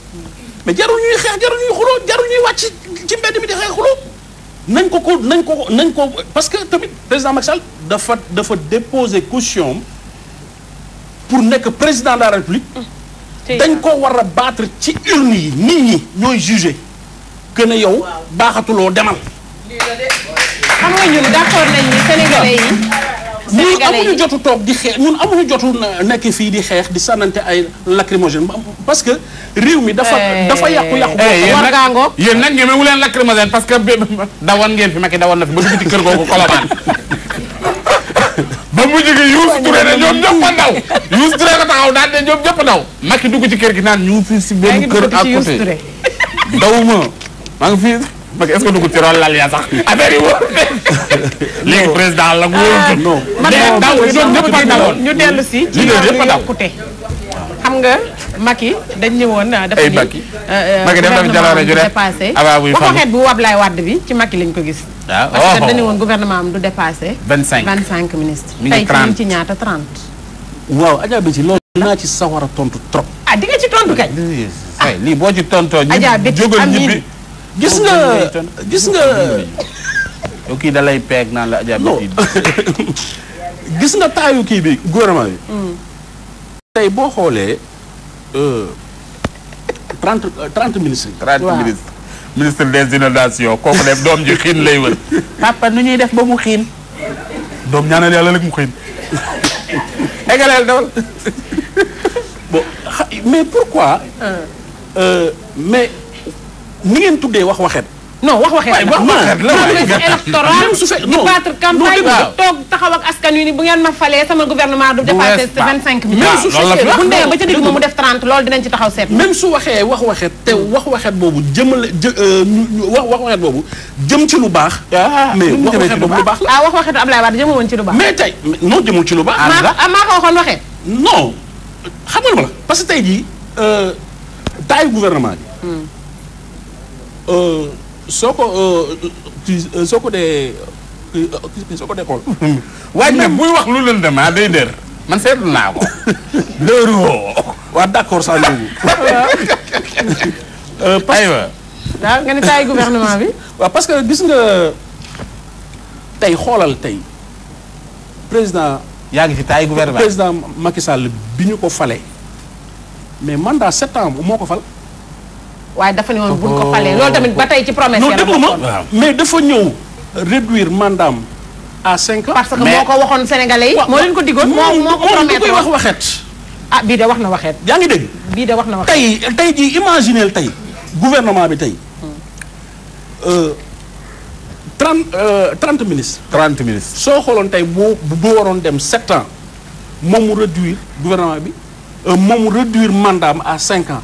mais jarul ñuy xeex jarul ñuy xuloo jarul ñuy wàcc ci mbedd mi di xeex xuloo nañ ko ko nañ ko nañ ko parce que tamit président Macky Sall dafa dafa déposer caution pour nekk président de la république. Mmh. dañ ko war a battre ci urne yi nit ñi ñooy juger que ne yow baaxatuloo demal. xam nga ñun d'accord nañ ni sénégalais yi. Sénégalais yi ñun amuñu jotu toog di xeex ñun amuñu jotu nekk fii di xeex di sànnante ay lacrymogène parce que réew mi dafa eh. dafa yàqu yàqu. Eh, boo yéen nag ñemewu leen lacrymogène parce que <laughs> dawoon ngeen fi Macky dawoon na fi ba dugg ci kër googu Colobane. <laughs> ba mu jógee Youssou Touré ne ñoom ñëpp a ndaw Youssou Touré ko taxaw daal ne ñoom ñëpp a ndaw. Macky dugg ci kër gi naan ñu ngi fi si parce que est ce que dugg ci rôle lal ya sax affaire yi wóor léegi président la wóor non daw ñu dellu si ci yokkute xam nga Macky dañ ñëwoon ah, dafa ni Macky eh, eh, Macky dem dafa jalaare ju rek aba buy fa waxet bu wablay wadd bi ci Macky lañ ko gis ah, parce que dañu oh. woon gouvernement am du dépasser 25 25 ministres tay ci ci ñaata 30 waaw aja bi ci loolu dinaa ci sawara tontu trop ah di nga ci tontu kay ay li boo ci tontoo ñu jógal ñibbi gis nga gis nga. yow kii dalay lay peeg naan la Adja <laughs> gis nga taayu kii bi gouvernement bi. Mm. tey boo xoolee. Euh, trente euh, trente ministres. trente ministres. ministre des inondations kooku dem doom ji xiin lay wër. papa nu ñuy def ba mu xiin. doom ñaanal yàlla rek mu xiin. <laughs> égaleel dawal. bon mais pourquoi. Euh. mais. ni ngeen tuddee wax waxet non wax waxee la wax waxee la promesse électorale su fekkee di battre campagne di toog taxaw ak askan wi ni bu ngeen ma falee sama gouvernement du dépassé vingt cinq mille même su fekkee bu ndee ba ca digg moom mu def trente loolu dinañ ci taxaw seet même su waxee wax waxet te wax waxet boobu jëmale euh, wax wax waxet boobu jëm ci lu baax ah, ah, ah. mais wax waxet boobu lu baax la ah wax waxet Ablaye Wade jëmul woon ci lu baax mais tey non jëmul ci lu baax maa ko waxoon waxee non xamal ma la parce que tey jii euh, taayu gouvernement bi hmm. Euh, soo ko kii euh, euh, soo ko dee soo ko dee xool. <laughs> waaye nag buy wax lu leen dama day dër. man seetlu naa ko. <laughs> dëru woo. <laughs> waaw d'accord sax nga ne taay gouvernement bi. parce que gis nga tey xoolal tey président. yaa ngi fi taay gouvernement président Macky Sall bi ñu ko fale mais mandat sept ans moo ko fal. waaye dafa ne buñ ko oh. falee loolu tamit ba ci promesse non demuma mais dafa ñëw réduire mandaam à 5 ans parce que moo ko waxoon sénégalais yi leen ko digoon moo moo promettre wax waxet ah bii de wax na waxet yaa ngi dégg bii de wax na waxet tey tey ji imaginel tey gouvernement bi euh, 30 euh, 30 ministres 30 ministres bu bu waroon dem 7 ans moom réduire gouvernement bi euh, moom réduire à 5 ans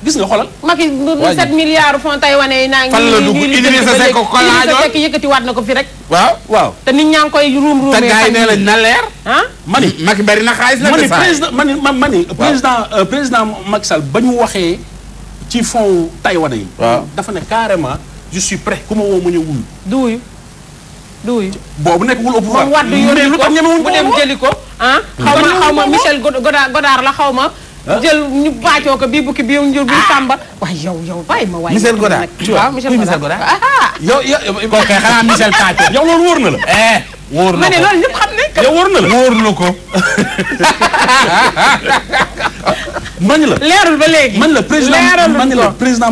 gis nga xoolal. Macky bu 7 milliards fonds taïwanais yi naa ngi. fan la dugg Idrissa Seck ko laajoon Idrissa Seck na ko fi rek. waaw waaw. te nit ñaa ngi koy ruum ruumee. te na leer. ah mani bari na xaalis la. président mani mani président euh, président Macky Sall ba ñu waxee ci fonds taïwanais yi. waaw dafa ne carrément je suis ku ma woo ma ñëw wuyu. du wuyu du wuyu. boobu nekk wul au pouvoir. moom wàddu yónni ko mu dem jëli ko ah. xaw ma xaw ma Michel la xaw ma. jël ñu bàccoo ko bii bukki bii njur bii ah! sàmba waaye yow yow bàyyi ma waaye Michel Goda waaw Michel Goda ah, ah! yow yow kooku kay xanaa na la eh, wóor ko ma ne loolu la wóor na ko <laughs> man la leerul ba léegi man la président man la président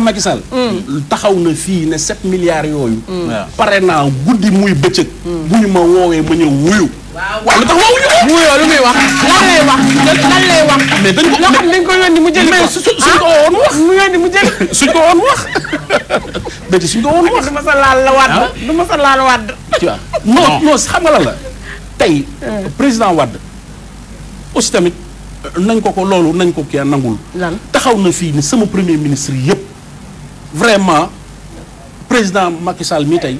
hmm. taxaw na fii ne sept milliards yooyu hmm. pare naa guddi muy bëccëg hmm. bu ñu ma woowee ma ñëw wuyu waaw lu tax waawuñu ko. mu lu muy wax lan lay wax lan lay wax. mais dañ ko loo xam dañ ko yónni mu jëli wax ah, mu yónni mu jëli suñ ko woon wax. <laughs> Ah, ma sa laal la wàdd. Ah? du ma sa laal wàdd. tu vois non xam nga lan la tey euh. président Wade aussi tamit euh, nañ ko ko loolu nañ ko kii nangul. taxaw na fii ni sama premier ministre yëpp vraiment président Macky Sall mi tey.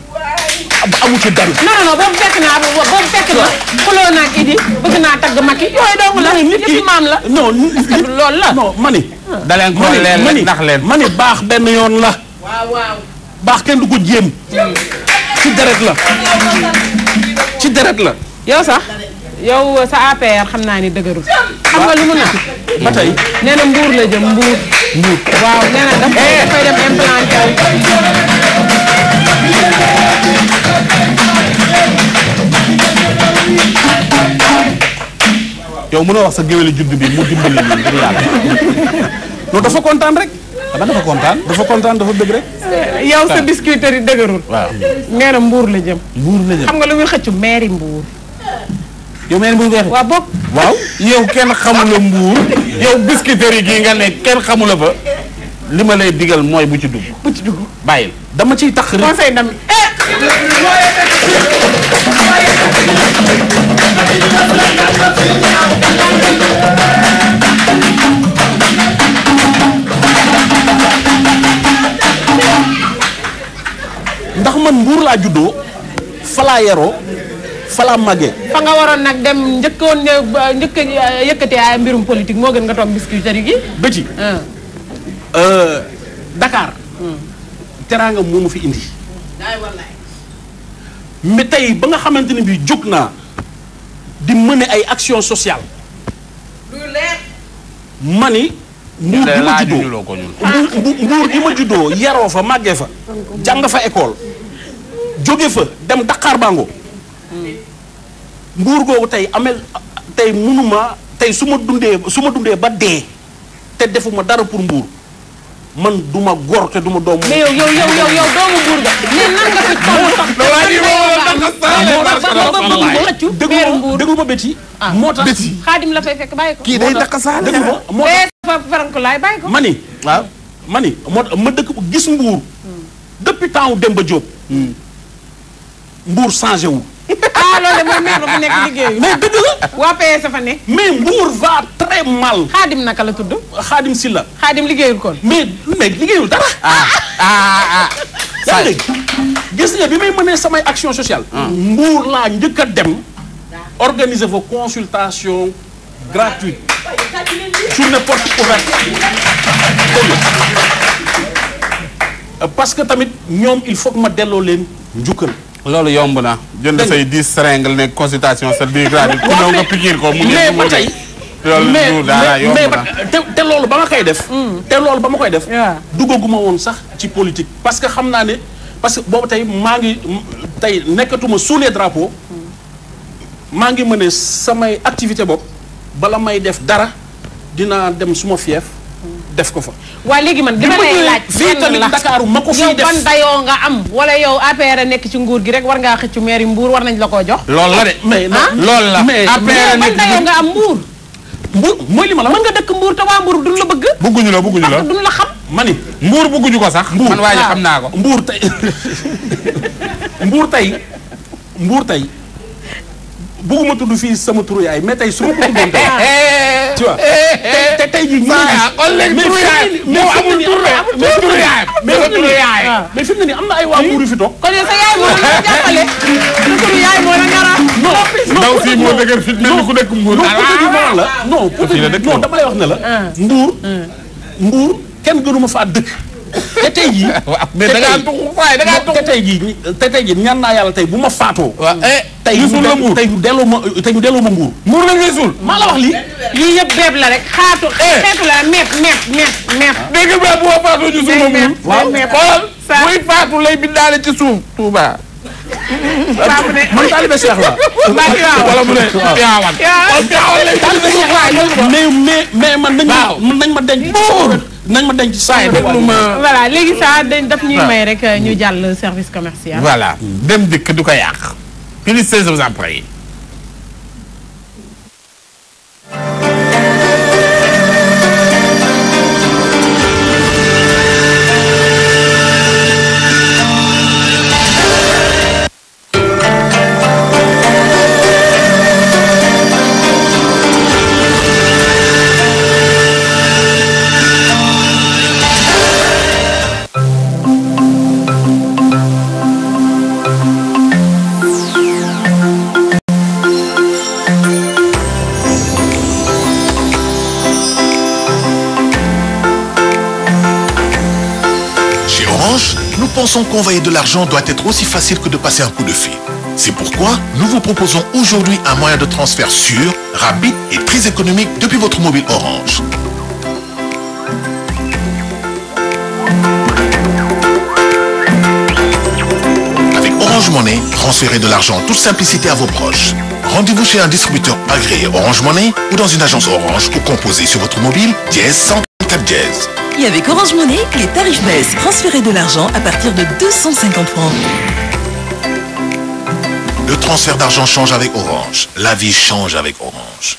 amu ci dara. non boobu fekk naa boobu fekk na xuloo naa Idi bëgg naa tagg Macky yooyu dong la nit ki maam la. mani. Ah. leen ko leen mani baax benn yoon la. waaw waaw. baax kenn du jéem. ci deret la. ci deret la. yow sax yow sa APR xam naa ni dëgërul. xam nga lu mu naan. ba tey nee mbuur la jëm mbuur. mbuur waaw nee na daf koy dem implanté eh. yow mënoo wax sa géwél judd bi mu dimbali la loolu dafa kontaan rek xanaa dafa kontaan dafa kontaan dafa bëgg rek. yow sa biscuiterie yi dëgërul. waaw mbuur la jëm. mbuur la jëm xam nga lu muy xëccu meeri mbuur. yow meeri mbuur waaw waaw yow kenn xamula mbuur yow biscuiterie yi gii nga ne kenn xamula fa li ma lay digal mooy bu ci duggu bu ci dugg bàyyil dama ciy tax. conseil ndam eh. ndax man mbuur laa juddoo fa laa yaroo fa laa màggee fa nga waroon nag dem njëkkoon njëkk yëkkati ay mbirum politique moo gën nga toog biscuiterie gi ba ci ah. euh, dakar hmm. teranga moomu fi indi mais tay ba nga xamanteni bi jóg di mëne ay action sociale ma ni mbuur gi ma juddoo mbuur ma fa magge fa jang fa école joge fa dem Dakar Bango nguur googu tay amel tay munuma tay suma dundé suma dundé ba dé té defuma dara pour man duma góor te duma doomu. mais yow yow yow yow doomu buur nga. mais nan nga fi toll sax. dëgg ma bëti ah. moo tax bëti xaadim la fay fekk bàyyi ko. kii day daka saale dëgg ma moo tax farankulaay bàyyi ko. ma ni waaw ma ni moo tax ma dëkk gis mbuur hmm. depuis temps ba Diop. Hmm. mbuur changé wu. ah loolu mooy maire bu nekk mais dëgg la. waa PS fa ne. mais Mour va très mal. Hadim naka la tudd. xaadim Hadim la. xaadim kon. mais mais liggéeyul dara. ah ah ah. ah. yaa ngi gis nga bi may mënee samay action sociale. Ah. Mbour laa njëkk a dem. organiser vos consultations gratuites. sur n'importe quoi. Euh, parce que tamit ñoom il faut que ma delloo leen loolu yomb na jënd say dix seringue ne consultation sa biir gratuite ku ñëw nga pikiir ko mu mais ba tey loolu daara loolu ba ma koy def te loolu ba ma koy def hmm. duggaguma woon sax ci politique parce que xam naa ne parce que boobu tey maa ngi tey nekkatuma sous les hmm. maa ngi mën a samay activité bopp bala may def dara dinaa dem suma fief def ko fa. waaw léegi man dama lay laaj. fii tamit Dakar ma ko fii def yow ban dayoo nga am. wala yow APR a nekk ci nguur gi rek war ngaa xëcc maire mbuur war nañ la koo jox. loolu la de mais ah? loolu la mais APR a nekk ban dayoo nga am Mbour. Mbour li ma la mën nga dëkk mbuur te waa Mbour duñ la bëgg. bëgguñu la bëgguñu la parce que la xam. ma ni Mbour bëgguñu ko sax. Mbour man waaye ah. xam naa ko mbuur <laughs> tey Mbour tey mbuur tey bëgguma tudd fii ma tey. <laughs> tu vois te tey jii. ñu ngi gis mais amul tur mais yaay ah, mais fi mu am na ay waa hmm? buur yu fi toog. kon sa yaay moo la <laughs> jàppale. turu yaay moo la ñara. non ndaw si fit mel ni ku nekk mbuur. non ah. non dama lay ne la. Ah. mbuur hmm. mbuur kenn gënuma faa dëkk. te tey jii. <laughs> waaw da ngaa tuxu waaye da ngaa tuxu te tey jii te tey jii naa yàlla tey bu ma faatoo. waaw eh, tey ñu suul la nguur tey ñu delloo ma tey ñu delloo ma nguur. nguur la ñuy suul. maa la wax lii. lii yëpp beeb la rek xaatu. Eh. xeetu la meep meep meep meep. Ah. dégg nga bu ma faatoo ñu suul ma nguur. waaw xoolal muy faatu lay bindaale ci man taalibe Cheikh la. nañ ma denc. nañ ma denc saa yi. voilà léegi saa dañ daf ñuy may rek euh, ñu jàll service commercial. voilà dem dikk du ko yàq. plus de 16 Sans Convoyer de l'argent doit être aussi facile que de passer un coup de fil. C'est pourquoi nous vous proposons aujourd'hui un moyen de transfert sûr, rapide et très économique depuis votre mobile Orange. Avec Orange Money, transférez de l'argent en toute simplicité à vos proches. Rendez-vous chez un distributeur agréé Orange Money ou dans une agence Orange ou composez sur votre mobile dièse 144 dièse avec Orange Monnaie, les tarifs baissent. Transférer de l'argent à partir de 250 francs. Le transfert d'argent change avec Orange. La vie change avec Orange.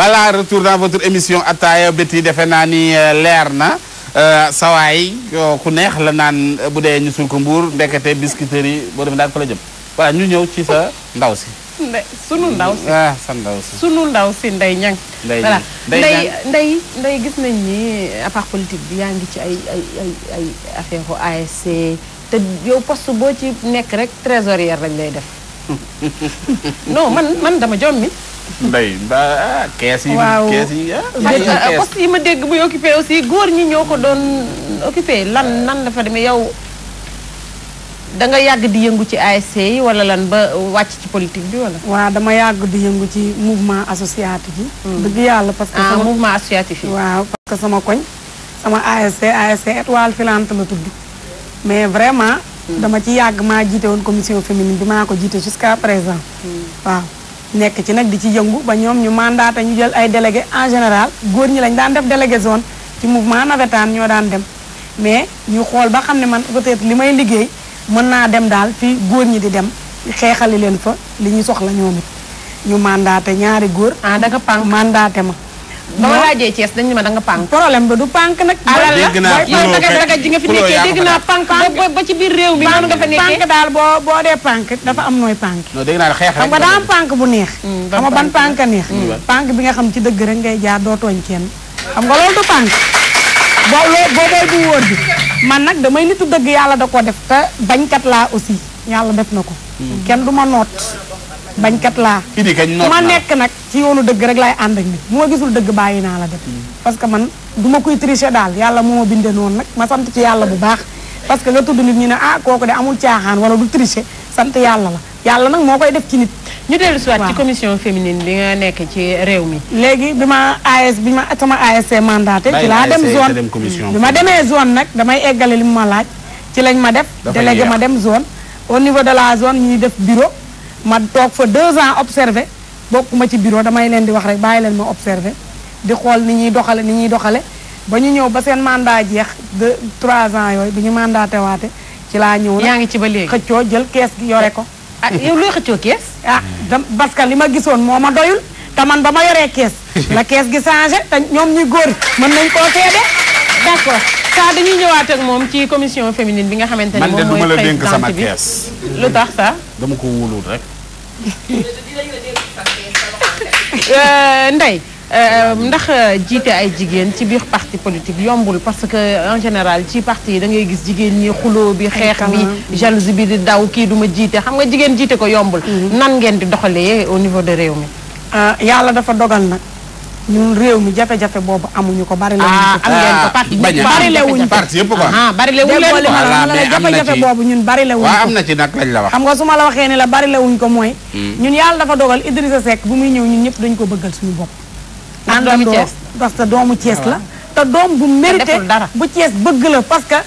voilà retour dans votre émission ataaya béti defe naa ni euh, leer na euh, sawaay euh, ku neex la naan bu ñu suul ko mbuur ndekete biscuiterie yi boo demee daal la jëm voilà ñu ñëw ci sa ndaw si sunu ndaw si ah sa ndaw si sunu ndaw si nday ñang voilà nday nday nday gis nañ ni à politique bi yaa ci ay ay ay ay ASC te yow poste ci rek lañ lay def <laughs> non man man dama jommi Ndeye ba kees waaw ma dégg muy occupé aussi góor ñi ñoo ko doon occupé lan nan la fa demee yow da nga di yëngu ci ASC wala lan ba wàcc ci politique bi wala. waaw dama yàgg di yëngu ci mouvement associatif yi. Hmm. dëgg yàlla parce que. Ah, sama mouvement associatif yi. waaw parce que sama koñ sama ASC ASC étoile filante la tudd mais vraiment. Hmm. dama ci yàgg maa jiite woon commission féminine bi maa ko jiite jusqu'à présent hmm. waaw. nekk ci nag di ci yëngu ba ñoom ñu mandaté ñu jël ay délégué en général góor ñi lañ daan def délégué zone ci mouvement navétane ñoo daan dem mais ñu xool ba xam ne man peut-être li may liggéey mën naa dem daal fii góor ñi di dem xeexali leen fa li ñu soxla ñoom it ñu màndaate ñaari góor. ah da nga pànk ma. ba ma laajee Thiès dañ ma da nga pànk problème ba du pànk nag alal la yow naka daga ji nga fi nekkee dégg naa pànk ba ci biir réew mi noonu nga fa nekkee pànk daal boo boo dee pànk dafa am nooy pànk xam nga daa am pànk bu neex xam ban pànk neex pànk bi nga xam ci dëgg rek ngay jaar doo tooñ kenn xam nga loolu du pànk boo boo booy bu wóor bi man nag damay nitu dëgg yàlla da ko def te bañkat laa aussi yàlla def na ko kenn du bañkat laa ma nekk nag ci yoonu dëgg rek laay ànd ak nit bu ma gisul dëgg bàyyi naa la def hmm. parce que man du ma koy tricher daal yàlla moo ma bindee nag ma sant ci yàlla bu baax parce que nga tudd nit ñi ne ah kooku de amul caaxaan wala du tricher sant yàlla la yàlla nag moo koy def ci nit ñu dellu si waat ci commission féminine bi nga nekk ci réew mi léegi bi ma AS bi ma sama ASC mandaté ci laa dem zone bi ma demee zone nag damay eggale li mu ma laaj ci lañ ma def délégué ma dem zone au niveau de la zone ñuy def bureau ma toog fa deux ans observé ma ci bureau damay leen di wax rek bàyyi leen ma observé di xool ni ñuy doxale ni ñuy doxale ba ñu ñëw ba seen mandat jeex de trois ans yooyu bi ñu mandaté waate ci laa ñëw. yaa ngi ci ba léegi xëccoo jël kees gi yore ko. ah yow luy xëccoo kees. ah parce que li ma gisoon moo ma doyul te man ba ma yoree kees. la kees gi changé te ñoom ñuy góor mën nañ koo seede d' accord. saa dañuy ñëwaat ak moom ci commission féminine bi nga xamante ne moom mooy présidente bi lu tax sa ah? dama ko wóoluwut rek. Euh, Ndeye euh, ndax euh, jiite ay jigéen ci biir parti politique yombul parce que en général ci parti yi da gis jigéen ñi xuloo bi xeex bi jalousie bi di daw kii duma jiite xam nga jigéen jiite ko yombul. Mhm. nan ngeen di doxalee au niveau de réew mi. yàlla dafa dogal nag. ñun réew mi jafe-jafe boobu amuñu ko bari la am ngeen ko parti bari lewuñu parti yëpp quoi bari lewuñu leen la la jafe-jafe boobu ñun bari lewuñu ko am na ci nag la wax xam nga su la waxee ne la bari lewuñu ko mooy ñun yàlla dafa dogal Idrissa Seck bu muy ñëw ñun ñëpp dañ ko bëggal suñu bopp àndandoo parce que doomu Thiès la te doom bu mérité bu Thiès bëgg la parce que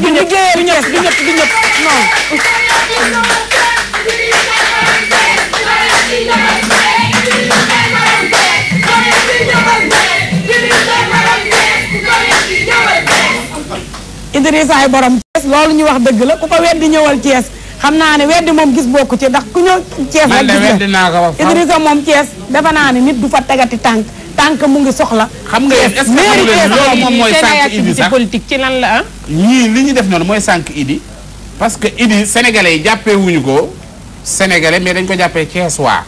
bu liggéeyee du ñëpp du ñëpp Idrissa ay borom Thiès loolu ñu wax dëgg la ku ko weddi ñëwal Thiès xam naa ne weddi moom gis bokku ci ndax ku ñëw Thiès rek gis la Idrissa moom Thiès dafa naa ne nit du fa tegati tànk tànk mu ngi soxla. xam nga moom mooy sànq Idi sax politique ci lan la ah. li ñu def noonu mooy sànq Idi parce que Idi yi jàppee ko sénégalais mais dañ ko jàppee Thiès waa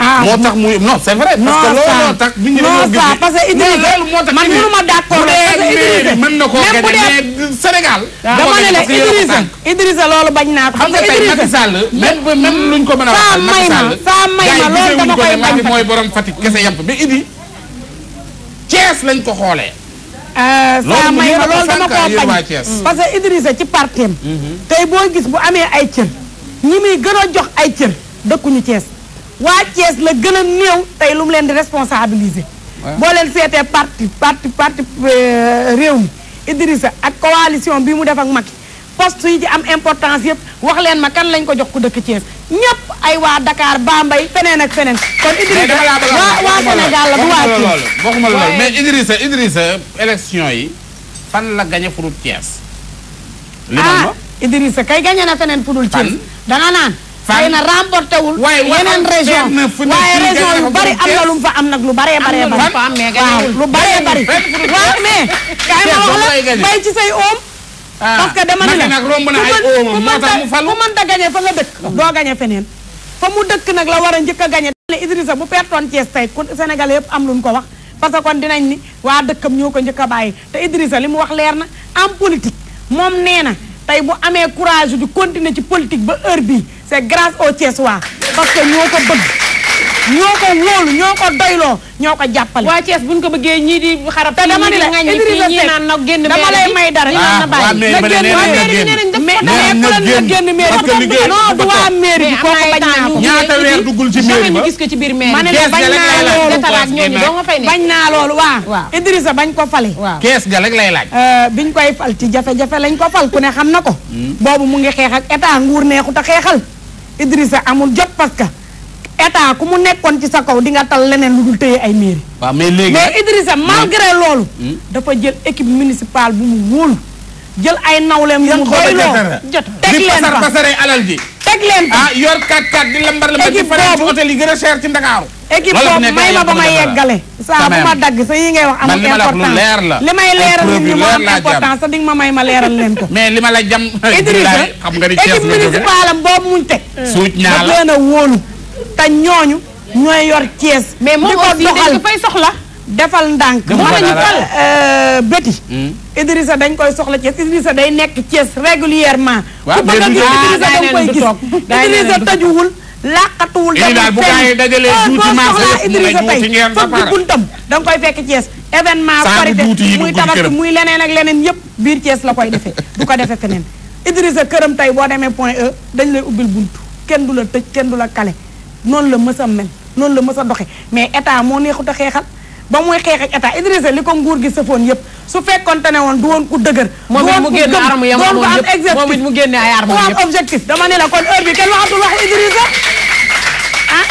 Ah, moo tax muy non c'est vrai. parce que loolu moo tax. bi parce que Idrissa man mënu ma d'accord mën na koo mais Sénégal. Ah, dama ne la Idrissa bañ naa ko. xam nga tey Macky Sall ko mën a waxal Macky Sall. saa may ma loolu dama koy bañ mooy borom Fatick kese yamp mais Idi lañ ko xoolee. saa euh, may ma loolu dama koo bañ parce que Idrissa ci parteem mm-hmm. tey boo gis bu amee ay cër ñi muy gën a jox ay cër dëkkuñu Thiès. wajes le gëna new tay néew lu mu leen di responsabiliser. bo leen seetee parti parti parti euh, réew mi Idrissa ak coalition bi mu def ak Macky poste yi di am importance yépp wax leen ma kan lañ ko jox ku dëkk Thiès ñëpp ay wa Dakar bambay fenen ak fenen kon Idrissa wa wa Sénégal la bu wa ci waxuma lool mais Idrissa Idrissa élection yi fan la gagné fudul Thiès. li ma ah, Idrissa kay gagné na feneen fudul Thiès nga nan xëy na remportewul yeneen région waaye région yu bari am na lu mu fa am nag lu baree baree bari waaw lu baree bari waaw mais kaay ma wax la bay ci say oom ah, parce que la ku mënta ku mënta gañe fa nga dëkk doo gañe feneen fa mu dëkk nag la war a njëkk a gañe ne Idrissa bu pertoon Thiès tey ku Sénégal yëpp am lu ñu ko wax parce que kon dinañ ni waa dëkkam ñoo ko njëkk a bàyyi te Idrissa li mu wax leer na en politique moom nee na tey bu amee courage di continuer ci politique ba heure bi c'est grâce au Thiessois parce que ñoo ko bëgg ñoko ko ñoko ñoo ñoko jappal wa ko buñ ko bëggee ñi di xarab. te dama ni la ñi Idrissa nak genn génn dama lay may dara. ah waa mairie ma nee nañ génn mais genn que liggéey no du wa mère bi ko bañ na ko. ñaata wër duggul ci mère ba gis ko ci biir mairie. ma ne la bañ naa loolu bañ na loolu wa Idrissa bañ ko falé waaw ga rek lay laaj. euh biñ koy fal ci jafé jafé lañ ko fal ku ne xam nako hmm. bobu mu ngi xeex ak état nguur neexu ta xeexal Idrissa amul jot parce que eta ku mu nekkon ci sa kaw di nga tal leneen lu dul téye ay mairie. waaw mais legui mais kan? Idrissa malgré lolu hmm? dafa jël équipe municipale bu mu wul jël ay nawlem yu ko doyloo jot teg leen fa alal di tek len ah yor 4-4 di lambar la ci fane ci hôtel yi gëna cher ci dakar équipe boobu may ma ba ma yeggale. saa bu ma dag sa yi ngay wax am importance limay may ni nit ñi am importance ding ma may ma leral len ko. mais lima la jam. Idrissa équipe municipale am muñ teg. suuj naa la te ñooñu ñooy yor Thiès. mais moom aussi dañ ko fay soxla. defal ndànk. moom la ñu fal euh, bëti. Hmm. Idrissa dañ koy soxla Thiès Idrissa day nekk cees régulièrement. waaw mais du gis Idrissa tëjuwul. làqatuwul dem daal bu gaa yi dajalee oh, juuti maas yëpp mu ne juuti ngeen ba pare buntam da nga koy fekk Thiès. événement parité muy tabaski muy leneen ak leneen yëpp biir cees la koy defee du ko defee feneen Idrissa këram tey boo demee point E dañ lay ubbil buntu kenn du la tëj kenn du la kale noonu la mës a mel noonu la mës a doxe mais état moo neexut a xeexal ba muy xeex ak état Idrissa li ko nguur gi sëfoon yëpp su fekkonte ne woon du woon ku dëgër. moom it mu am arme yam moom yëpp moom mu génne ay arme yëpp objectif dama ne la kon heure bi kenn waxatul wax Idrissa ah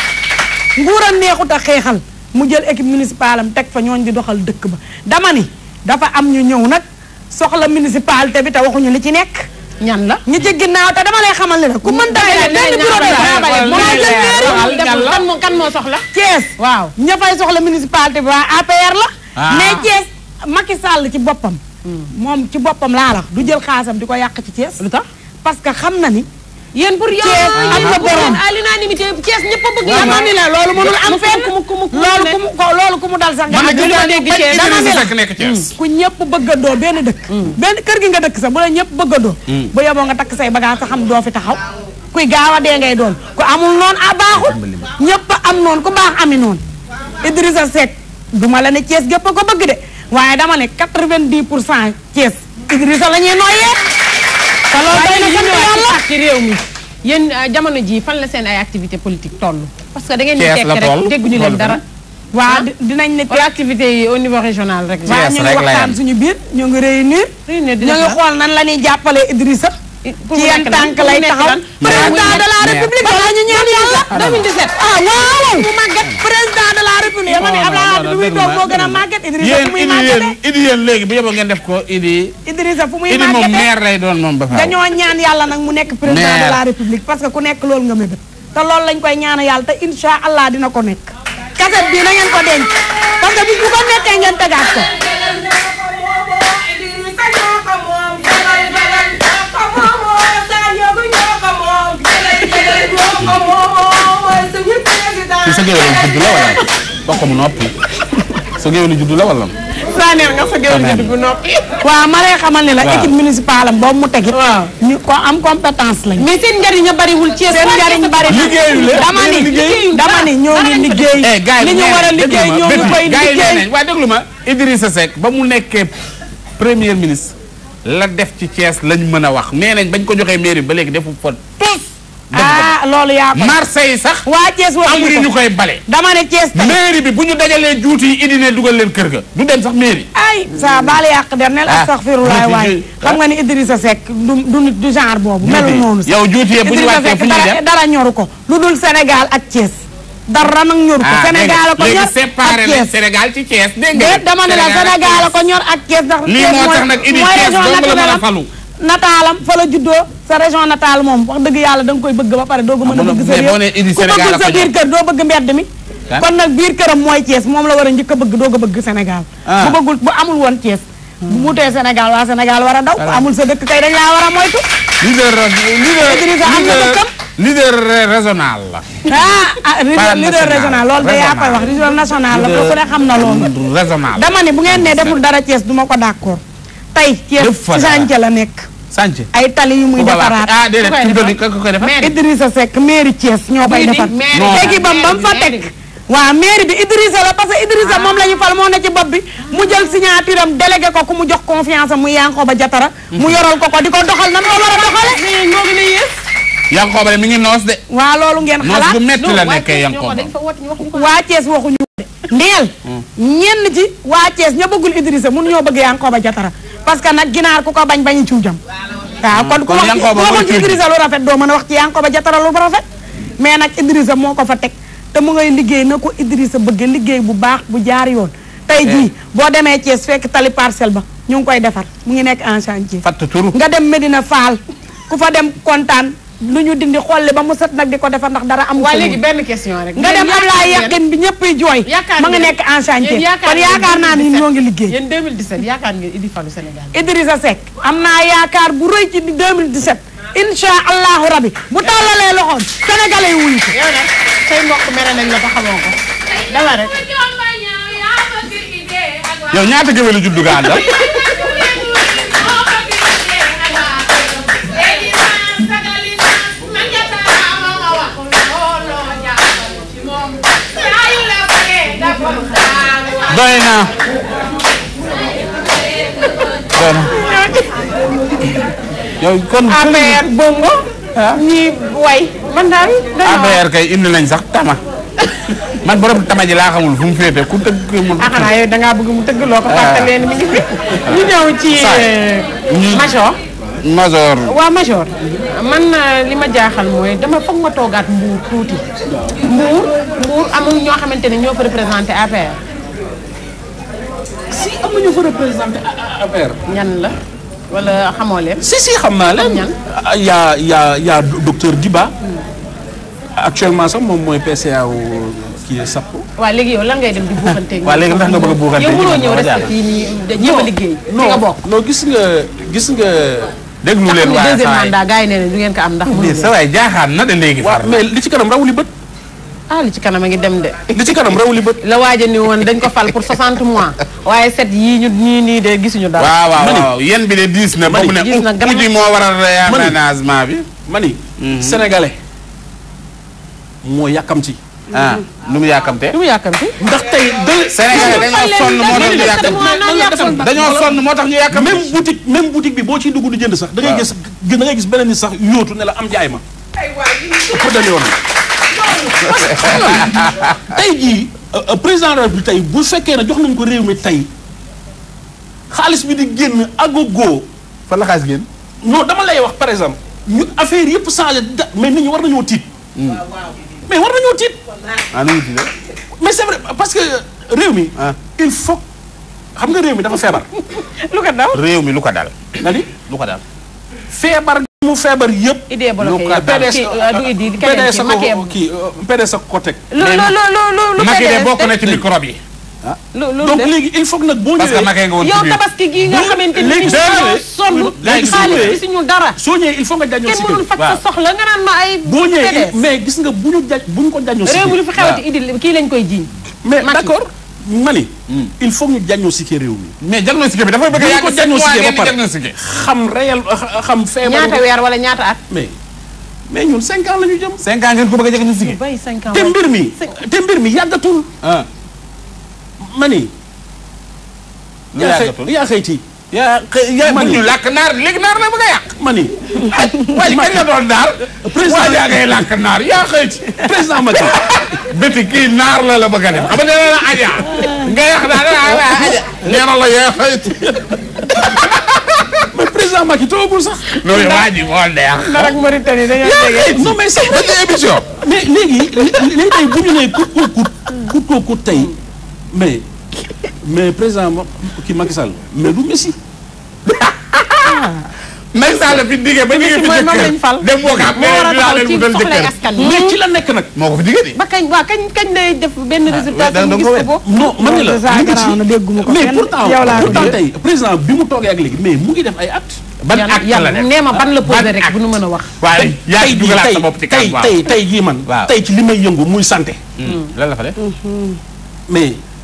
nguuram neexut xeexal mu jël équipe municipale am teg fa ñooñ di doxal dëkk ba dama ni dafa am ñu ñëw nag soxla municipalité bi te waxuñu li ci nekk. ñan la ñi ci ginnaaw te dama lay xamal ne la ku mën dajale benn bureau de travail moo jël mairie kan moo soxla Thiès waaw ña soxla municipalité bi waa APR la ah. mais Thiès Macky Sall ci boppam hmm. moom ci boppam laa la du jël xaasam di ko yàq ci Thiès lu tax parce que xam na ni yéen pour yow ak borom à l'unanimité Thiès ñëpp a bëgg dama ni la loolu mënul am fenn ku mu ku mu loolu ku mu dal sax nga gën a dégg Thiès dama ni la ku ñëpp bëggandoo benn dëkk mm. benn kër gi nga dëkk sax bu la ñëpp bëggandoo mm. bu yeboo nga takk say bagage xam doo fi taxaw kuy gaaw a ngay doon ku amul a ah, am ku ami Idrissa duma la ne ko bëgg de dama ne Idrissa te loolu doy na sant yàlla parti réew mi yéen euh, jamono ji fan la seen ay activité politique toll parce que da ngeen di tekk rek dégguñu leen dara waa ah? dinañ ne tey activité yi au niveau rek waaw ñu ngi waxtaan suñu biir ñoo ngi réunir ñu ngi xool nan la ñuy jàppale Idrissa ci tang kelai tahun. Kan? taxaw adalah de la république wala ñu minta. yalla ah waaw mu magat président de la république dama ni abla abdou muy tok mo gëna magat idrissa fu muy magat ini. yeen légui bu yebo ko idi idrissa fu muy magat idi mom maire lay doon mom ba fa dañoo ñaan yalla nak mu nek président nek lool nga mebet te lool lañ koy ñaan dina sa géwél la la wala bokk mu noppi sa géwél la wala saneel nga sa géwél judd bu noppi xamal la équipe municipale am mu tegit ñu ko am compétence lañ mais seen njariñ a bariwul ci seen njariñ bari dama ni dama ni ñoo ngi liggéey eh, li ñu war a ñoo ngi koy liggéey waaye déglu Idrissa Seck ba mu nekkee premier ministre la def ci ties lañ mëna wax nee nañ bañ ko joxé mairie ba légui defu fa tous ah loolu yaa ko Marseille sax. waa Thiès waxuñu ko amuñu ñu koy bale. dama ne Thiès tamit mairie bi bu ñu dajalee juuti yi indi ne dugal leen kër ga du dem sax mairie. ay saa baal yàq der nel ah. astaghfirullah waay xam nga ni Idrissa Seck du du genre boobu. melul noonu sax yow juuti yee bu ñu wàccee dara ñor ko lu dul Sénégal ak Thiès. dara nag ñor ko ah, Sénégal ko ñor ak Thiès Sénégal ci Thiès dégg nga dama ne la Sénégal ko ñor ak Thiès ndax lii moo tax nag indi la mën a falu nataalam fa la juddoo sa région nataal moom wax dëgg yàlla da nga koy bëgg ba pare doo ko mën a ah, bëgg sa réew ku bëggul sa biir kër doo bëgg mbedd mi kon nag biir këram mooy Thiès moom la war a njëkk bëgg doo ko bëgg Sénégal ah. bu bëggul bu amul woon Thiès hmm. bu mutee Sénégal waa Sénégal war a daw bu amul sa dëkk kay dañ laa war a moytu leader leader am na dëkkam régional la ah, ah leader régional loolu da yaa koy wax leader national la ko ne xam na loolu dama ni bu ngeen ne deful dara Thiès du ma ko d'accord tay ci sànce la nek sanje ay tali yu muy defarat ah déedéet ko ko defar Idrissa sek mairie Thiès ñoo koy defar. léegi bam bam fa tek wa mairie bi Idrissa la parce que Idrissa ah. mom lañu fal mo na ci bopp bi mu jël signature am délégué ko ku mu jox confiance mu yanko ba jatara mhm. mu yoral ko ko diko doxal nan doxale ko war a doxale Yankhoba mi ngi noos de waaw loolu ngeen xalaat noos bu metti la nekkee Yankhoba waa Thiès waxuñu de ndeel mm. ñenn ci waa Thiès ña bëggul Idrissa mun ñoo bëgg Yankhoba Diattara parce que nag ginaar ku ko bañ bañu cuujam waaw kon ku wax ko waxul ci Idrissa lu rafet doo mën a wax ci Yankoba Diattara lu rafet mais nag Idrissa moo ko fa teg te mu ngay liggéey na ko Idrissa bëgg liggéey bu baax bu jaar yoon tey jii eh. boo demee Thiès fekk tali parcelle ba ñu ngi koy defar mu ngi nekk en chantier fatt tur nga dem Medina Fall ku fa dem kontaan luñu di dindi xolle ba mu set nak di ko ndax dara am. waaye léegi benn question rek. nga dem Ablaye Yakhine bi ñëppay jooy. ma nga nekk en chantier kon yaakaar ni liggéey. 2017 ngeen Idi Sénégal. Idrissa am naa bu ci 2017. incha allahu rabi bu tàllalee loxoom sénégalais yi ko. yow nag mbokk nañ la ba <laughs> Bueno. yow kon APR bongo ni way man dal APR kay indi nañ sax tama man borom tama ji la xamul fu mu fete ku teug mu ah xana yow da nga bëgg mu teug loko partalé ah. mi ngi fi ñu ñew ci euh, major major wa major man euh, lima jaaxal moy dama fogg ma togaat mbuur tuti mbuur mbuur amul ño xamanteni fa représenter APR si am na ñu fa représenté affaire. Ah, ah, ah, ñan la wala xamoo leen. si si xam naa leen ñan. yaa yaa yaa docteur Diba. actuellement sax moom mooy PCA wu kii SAPCO. waaw léegi yow lan ngay dem di buuxanteeg. waaw léegi ndax nga bëgg a buuxanteeg yow mënoo ñëw rek fii nii ñëw a liggéey. non nga bokk gis nga gis nga. déglu leen waaye saa yi deuxième mandat gars yi nee na du ngeen ko am ndax. mënul sa waay jaaxaan na de léegi. waaw mais li ci kanam rawuli bët. ah li ci kanam a ngi dem de. li ci kanam raw li bët. la waaja ni woon dañ ko fal pour 60 mois waaye set yii ñu nii nii de gisuñu dara. waaw waaw waaw yéen bi de diis na. ba mu ne uj moo waral réaménagement bi. mani mhm. sénégalais moo yàkkamti. ah nu mu yàkkamte. nu mu yàkkamte. ndax tey de. sénégalais dañoo sonn moo tax ñu yàkkamte dañoo sonn moo tax ñu yàkkamte. même boutique bi boo ciy dugg di jënd sax. da ngay gis da gis beneen nit sax yóotu ne la am jaay ma. aywa <laughs> tey jii euh, euh, président de la République tey bu fekkee ne jox nañ ko réew mi tey xaalis bi di génn agogo. fan la xaalis génn. non dama lay wax par exemple. ñu affaire yëpp changé da mais nit ñi war nañoo tiit. Hmm. mais war nañoo tiit. ah nañu tiit mais c'est parce que réew mi. Ah. il faut xam nga réew mi dafa feebar. lu ko dal réew mi lu ko dal. nga ni lu ko dal. mu feebar yëpp. idée bloqué yëpp PDS kii euh, PDS ak euh, ko teg. lu lu lu bokk na ci microbe yi. Ah. donc léegi il faut que nag boo ñëwee. parce que Maguette nga woon yow tabaski gi nga xamante ni ñu sonn. léegi xaalis suñu dara. soo ñëwee il faut nga jañoo si kenn faj sa soxla nga naan ma ay. boo ñëwee mais gis nga bu ñu ja bu ñu ko jañoo si réew mi lu fi xewati idil kii lañ koy jiiñ. mais d'accord mani hmm. il faut ñu diagnostiquer réew mi. mais diagnostiquer bi dafay bëgg a yàgg sept mois ba pare xam réel xam feebar. ñaata weer wala ñaata at. mais mais ñun cinq ans la ñu jëm. cinq ans ngeen ko bëgg a diagnostiquer. ñu béy cinq ans te mbir mi te mbir mi yàggatul. ah mani. lu yàggatul yaa xëy yaa xëyti. yaa yaa man ñu làkk naar léegi naar la bëgg a yàq. ma ni. waaye kañ la doon naar. président waaye yaa ngay làkk naar yaa xëy ci président Macky. béti kii naar la la bëgg a dem xam nga nee la aja nga yàq daal aja <laughs> nee na la yaa xëy ci mais président Macky toogul sax. loolu waa ji moo neex. nar ak Mauritanie dañoo dégg. non mais sax dañuy émission. mais léegi léegi tey bu ñu nee kut koo kut. kut koo kut tey mais. mais président moom kii Macky Sall mais du Messi. Ah. Macky Sall fi diggee ba diggee fi jëkkër dem boo ko am mais ci la nekk nag. moo ko fi diggee ba kañ waa kañ kañ def benn ah, résultat. gis ko ko non man ni la mais pourtant pourtant tey président bi mu toogee ak léegi mais mu ngi def ay at. ban at la def nee ma ban la posé rek bu nu mën a wax. waaye yaa ngi dugalaat sa bopp ci kan waaw tey tey tey jii man. tey ci li may yëngu muy santé. Hmm, lan la fa def mhm. mais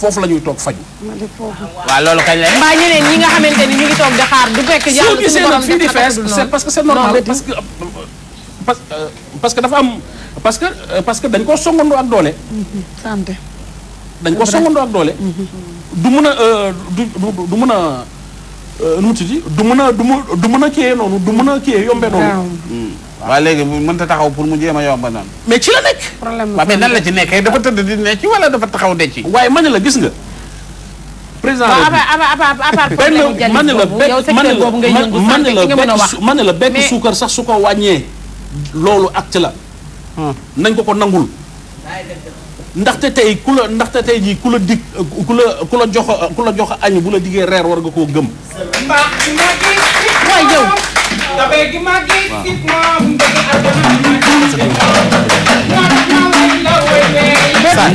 foofu la ñuy toog faju waaw loolu kañ la mbaa ñeneen ñi nga xamante ni ñu ngi toog di xaar du fekk yàlla suñu borom fii di fees parce que c'est normal parce que euh, parce que dafa am parce que euh, parce que dañ koo songandoo ak doole santé dañ ko songandoo ak doole mm-hmm. du mën a euh, du du mën a nu mu tudd du mën a du mën a kiyee noonu du mën a kiyee yombee noonu waaw léegi mënta taxaw pour mu jéem a yomb mais ci la nekk problème mais nan la ci nekkee dafa tëdd di nekk wala dafa taxaw de ci waaye ma ne la gis nga président benn ma ne la ma ne la bekk suukar sax su ko wàññee acte la hmm. nañ ko ko nangul ndaxte tey ku la ndaxte tey jii ku la dig ku la jox ku jox añ bu la digee reer war nga koo gëm waaye yow dafay gi ma gis si moom bëgg àdduna ma gis si moom moom ma way la way wey saay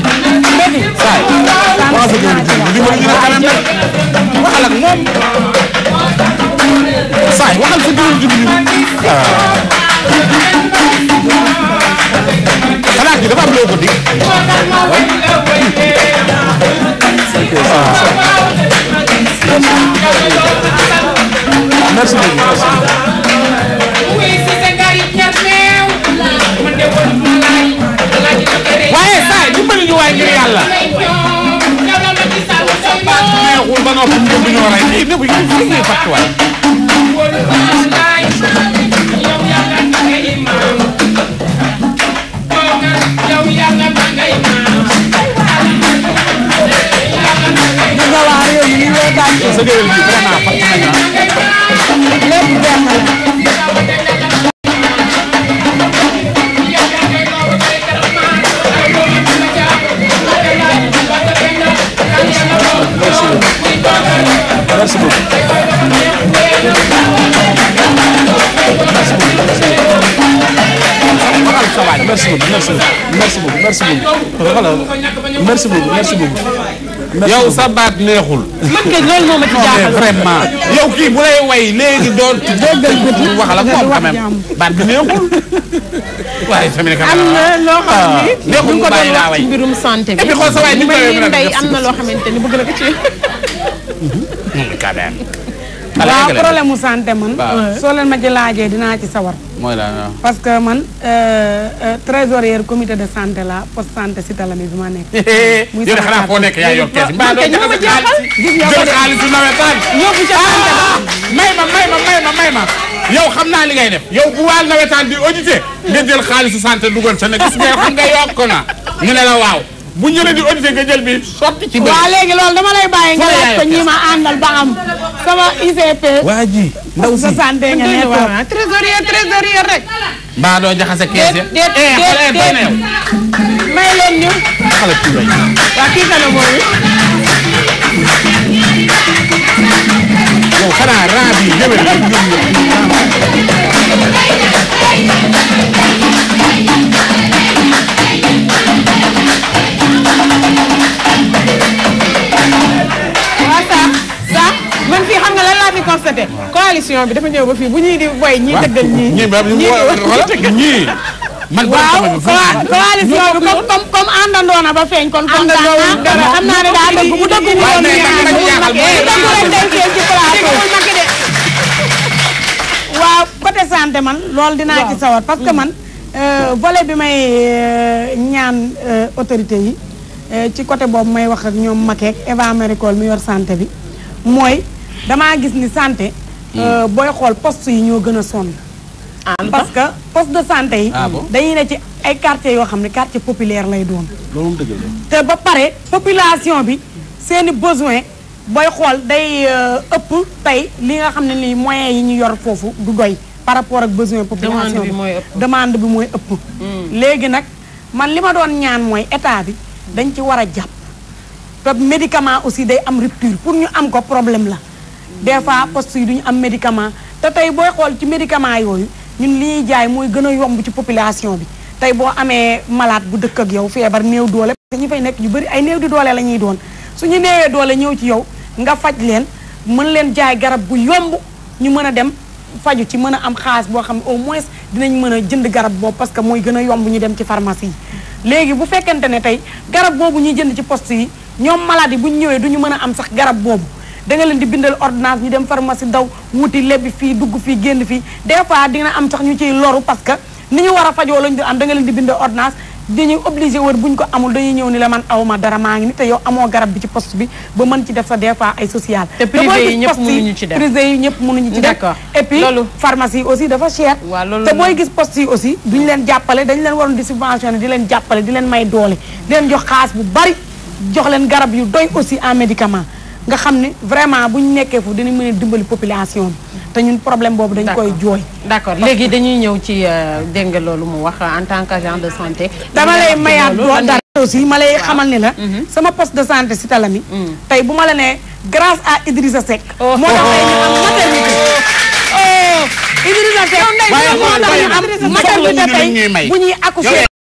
saay waa sa jëwri jëwri li ma ñu ne kanam rek waxal ak moom saay waxal sa jëwri jëwri xalaat gi dafa am loo ko dig Thank you. merci beaucoup. waaye saa yi dimbali ñu waay ngir yàlla. ba nga wax ñu ñoo rey lépp yi ñu fàttuwaay. merci merci beaucoup merci beaucoup voilà merci beaucoup merci beaucoup. yow sa baat neexul. man kay loolu moo ma ci jaaxal vraiment. yow kii bu lay way léegi doon. dégg wax la ko quand même baat bi neexul. <laughs> waaye tamit am na loo xam ah, ne. neexul ko doon wax ci mbirum santé bi. et puis xool sa waay ni am na loo xamante ni bëgg na ko ci. <laughs> Hmm, quand même. waaw problème mu santé man. soo leen ma ci laajee dinaa ci sawar. mooy parce que man euh, euh, trésorière comité de santé la poste santé si talami bi ma nekk. <laughs> muy santé xanaa foo nekk yaa yor kees mbaa doo joxe xaalis gis nga joxe ah, yow xam naa li ngay def yow bu waal nawetaan di audité nga jël xaalisu santé dugal sa ne gis nga yow xam nga yokk na ñu ne la waaw. bu ñu di audité nga bi sotti ci. waaw léegi loolu dama lay bàyyi nga ko ñi àndal ba am. sama ICP. waa ji ndaw si nga ne waaw trésorier trésorier rek. mbaa doo jaxase kees ya. déet déet eh, déet may leen ñu. xale tuuray. waa kii kana boobu. yow xanaa rang bi ñëwee ñoom ñoom ñoom. constaté coalition bi dafa ñëw ba fii bu ñuy di boy ñii dëggal ñii ñii man waaw coalition bi comme comme àndandoo na ba feeñ kon kontaan naa xam naa ne daa dëgg bu dëgg ñu doon ñu waaw côté santé man loolu dinaa ci sawar parce que man volet bi may ñaan autorité yi ci côté boobu may wax ak ñoom Makeek Eva Maricol mi yor santé bi mooy damaa gis ni santé. Hmm. Euh, booy xool poste yi ñoo gën a sonn. Ah, parce que poste de santé yi. Ah, dañuy ne ci ay quartiers yoo xam ne quartier populaire lay doon. loolu te ba pare population bi seeni besoin booy xool day euh, ëpp tey li nga xam ne nii moyens yi ñu yor foofu du goy par rapport ak besoin population bi demande bi mooy ëpp. Hmm. léegi nag man li ma doon ñaan mooy état bi dañ ci war a jàpp. te médicament aussi day am rupture pour ñu am ko problème la. des fois poste yi du ñu am médicament te tey booy xool ci médicament yooyu ñun li ñuy jaay mooy gën a yomb ci population bi tey boo amee malaat bu dëkk ak yow feebar néew doole parce fay nekk ñu bëri ay néew di doole la ñuy doon suñu néewee doole ñëw ci yow nga faj leen mën leen jaay garab bu yomb ñu mën a dem faju ci mën a am xaalis boo xam ne au moins dinañ mën a jënd garab boobu parce que mooy gën a yomb ñu dem ci pharmacie yi léegi bu fekkente ne tey garab boobu ñuy jënd ci poste yi ñoom malade yi bu ñu ñëwee du ñu mën a am sax garab boobu da nga leen di bindal ordonnance ñu dem pharmacie daw wuti lebbi fi dugg fi genn fi des fois dina am sax ñu ciy loru parce que ni ñu wara fajo fajoo lañ du am da nga leen di bindal ordonnance ñu obligé wër buñ ko amul dañuy ñëw ni la man awuma dara ma ngi ni te yow amo garab bi ci poste bi ba man ci def sa des fois ay social te privé yi ñëpp ñu ci def privé yi ñëpp ñu ci def et puis pharmacie aussi dafa cher te boy gis poste yi aussi duñ leen jappalé dañ leen waron di subventionné di leen jappalé di leen may doole di leen jox xaas bu bari jox leen garab yu doy aussi en médicament nga xam ni vraiment bu ñu nekkee fu dinañ mën a dimbali population bi te ñun problème boobu dañ koy jooy d'accord léegi dañuy ñëw ci euh, dégg nga loolu mu wax en tant qu'agent de santé dama lay mayaat doo dara aussi ma lay xamal ni la mhm. sama poste de santé si talami mhm. tey bu ma la nee grâce à Idrissa Seck oh. moo tax tey ñu oh. maternité oh. bu ñuy accoucher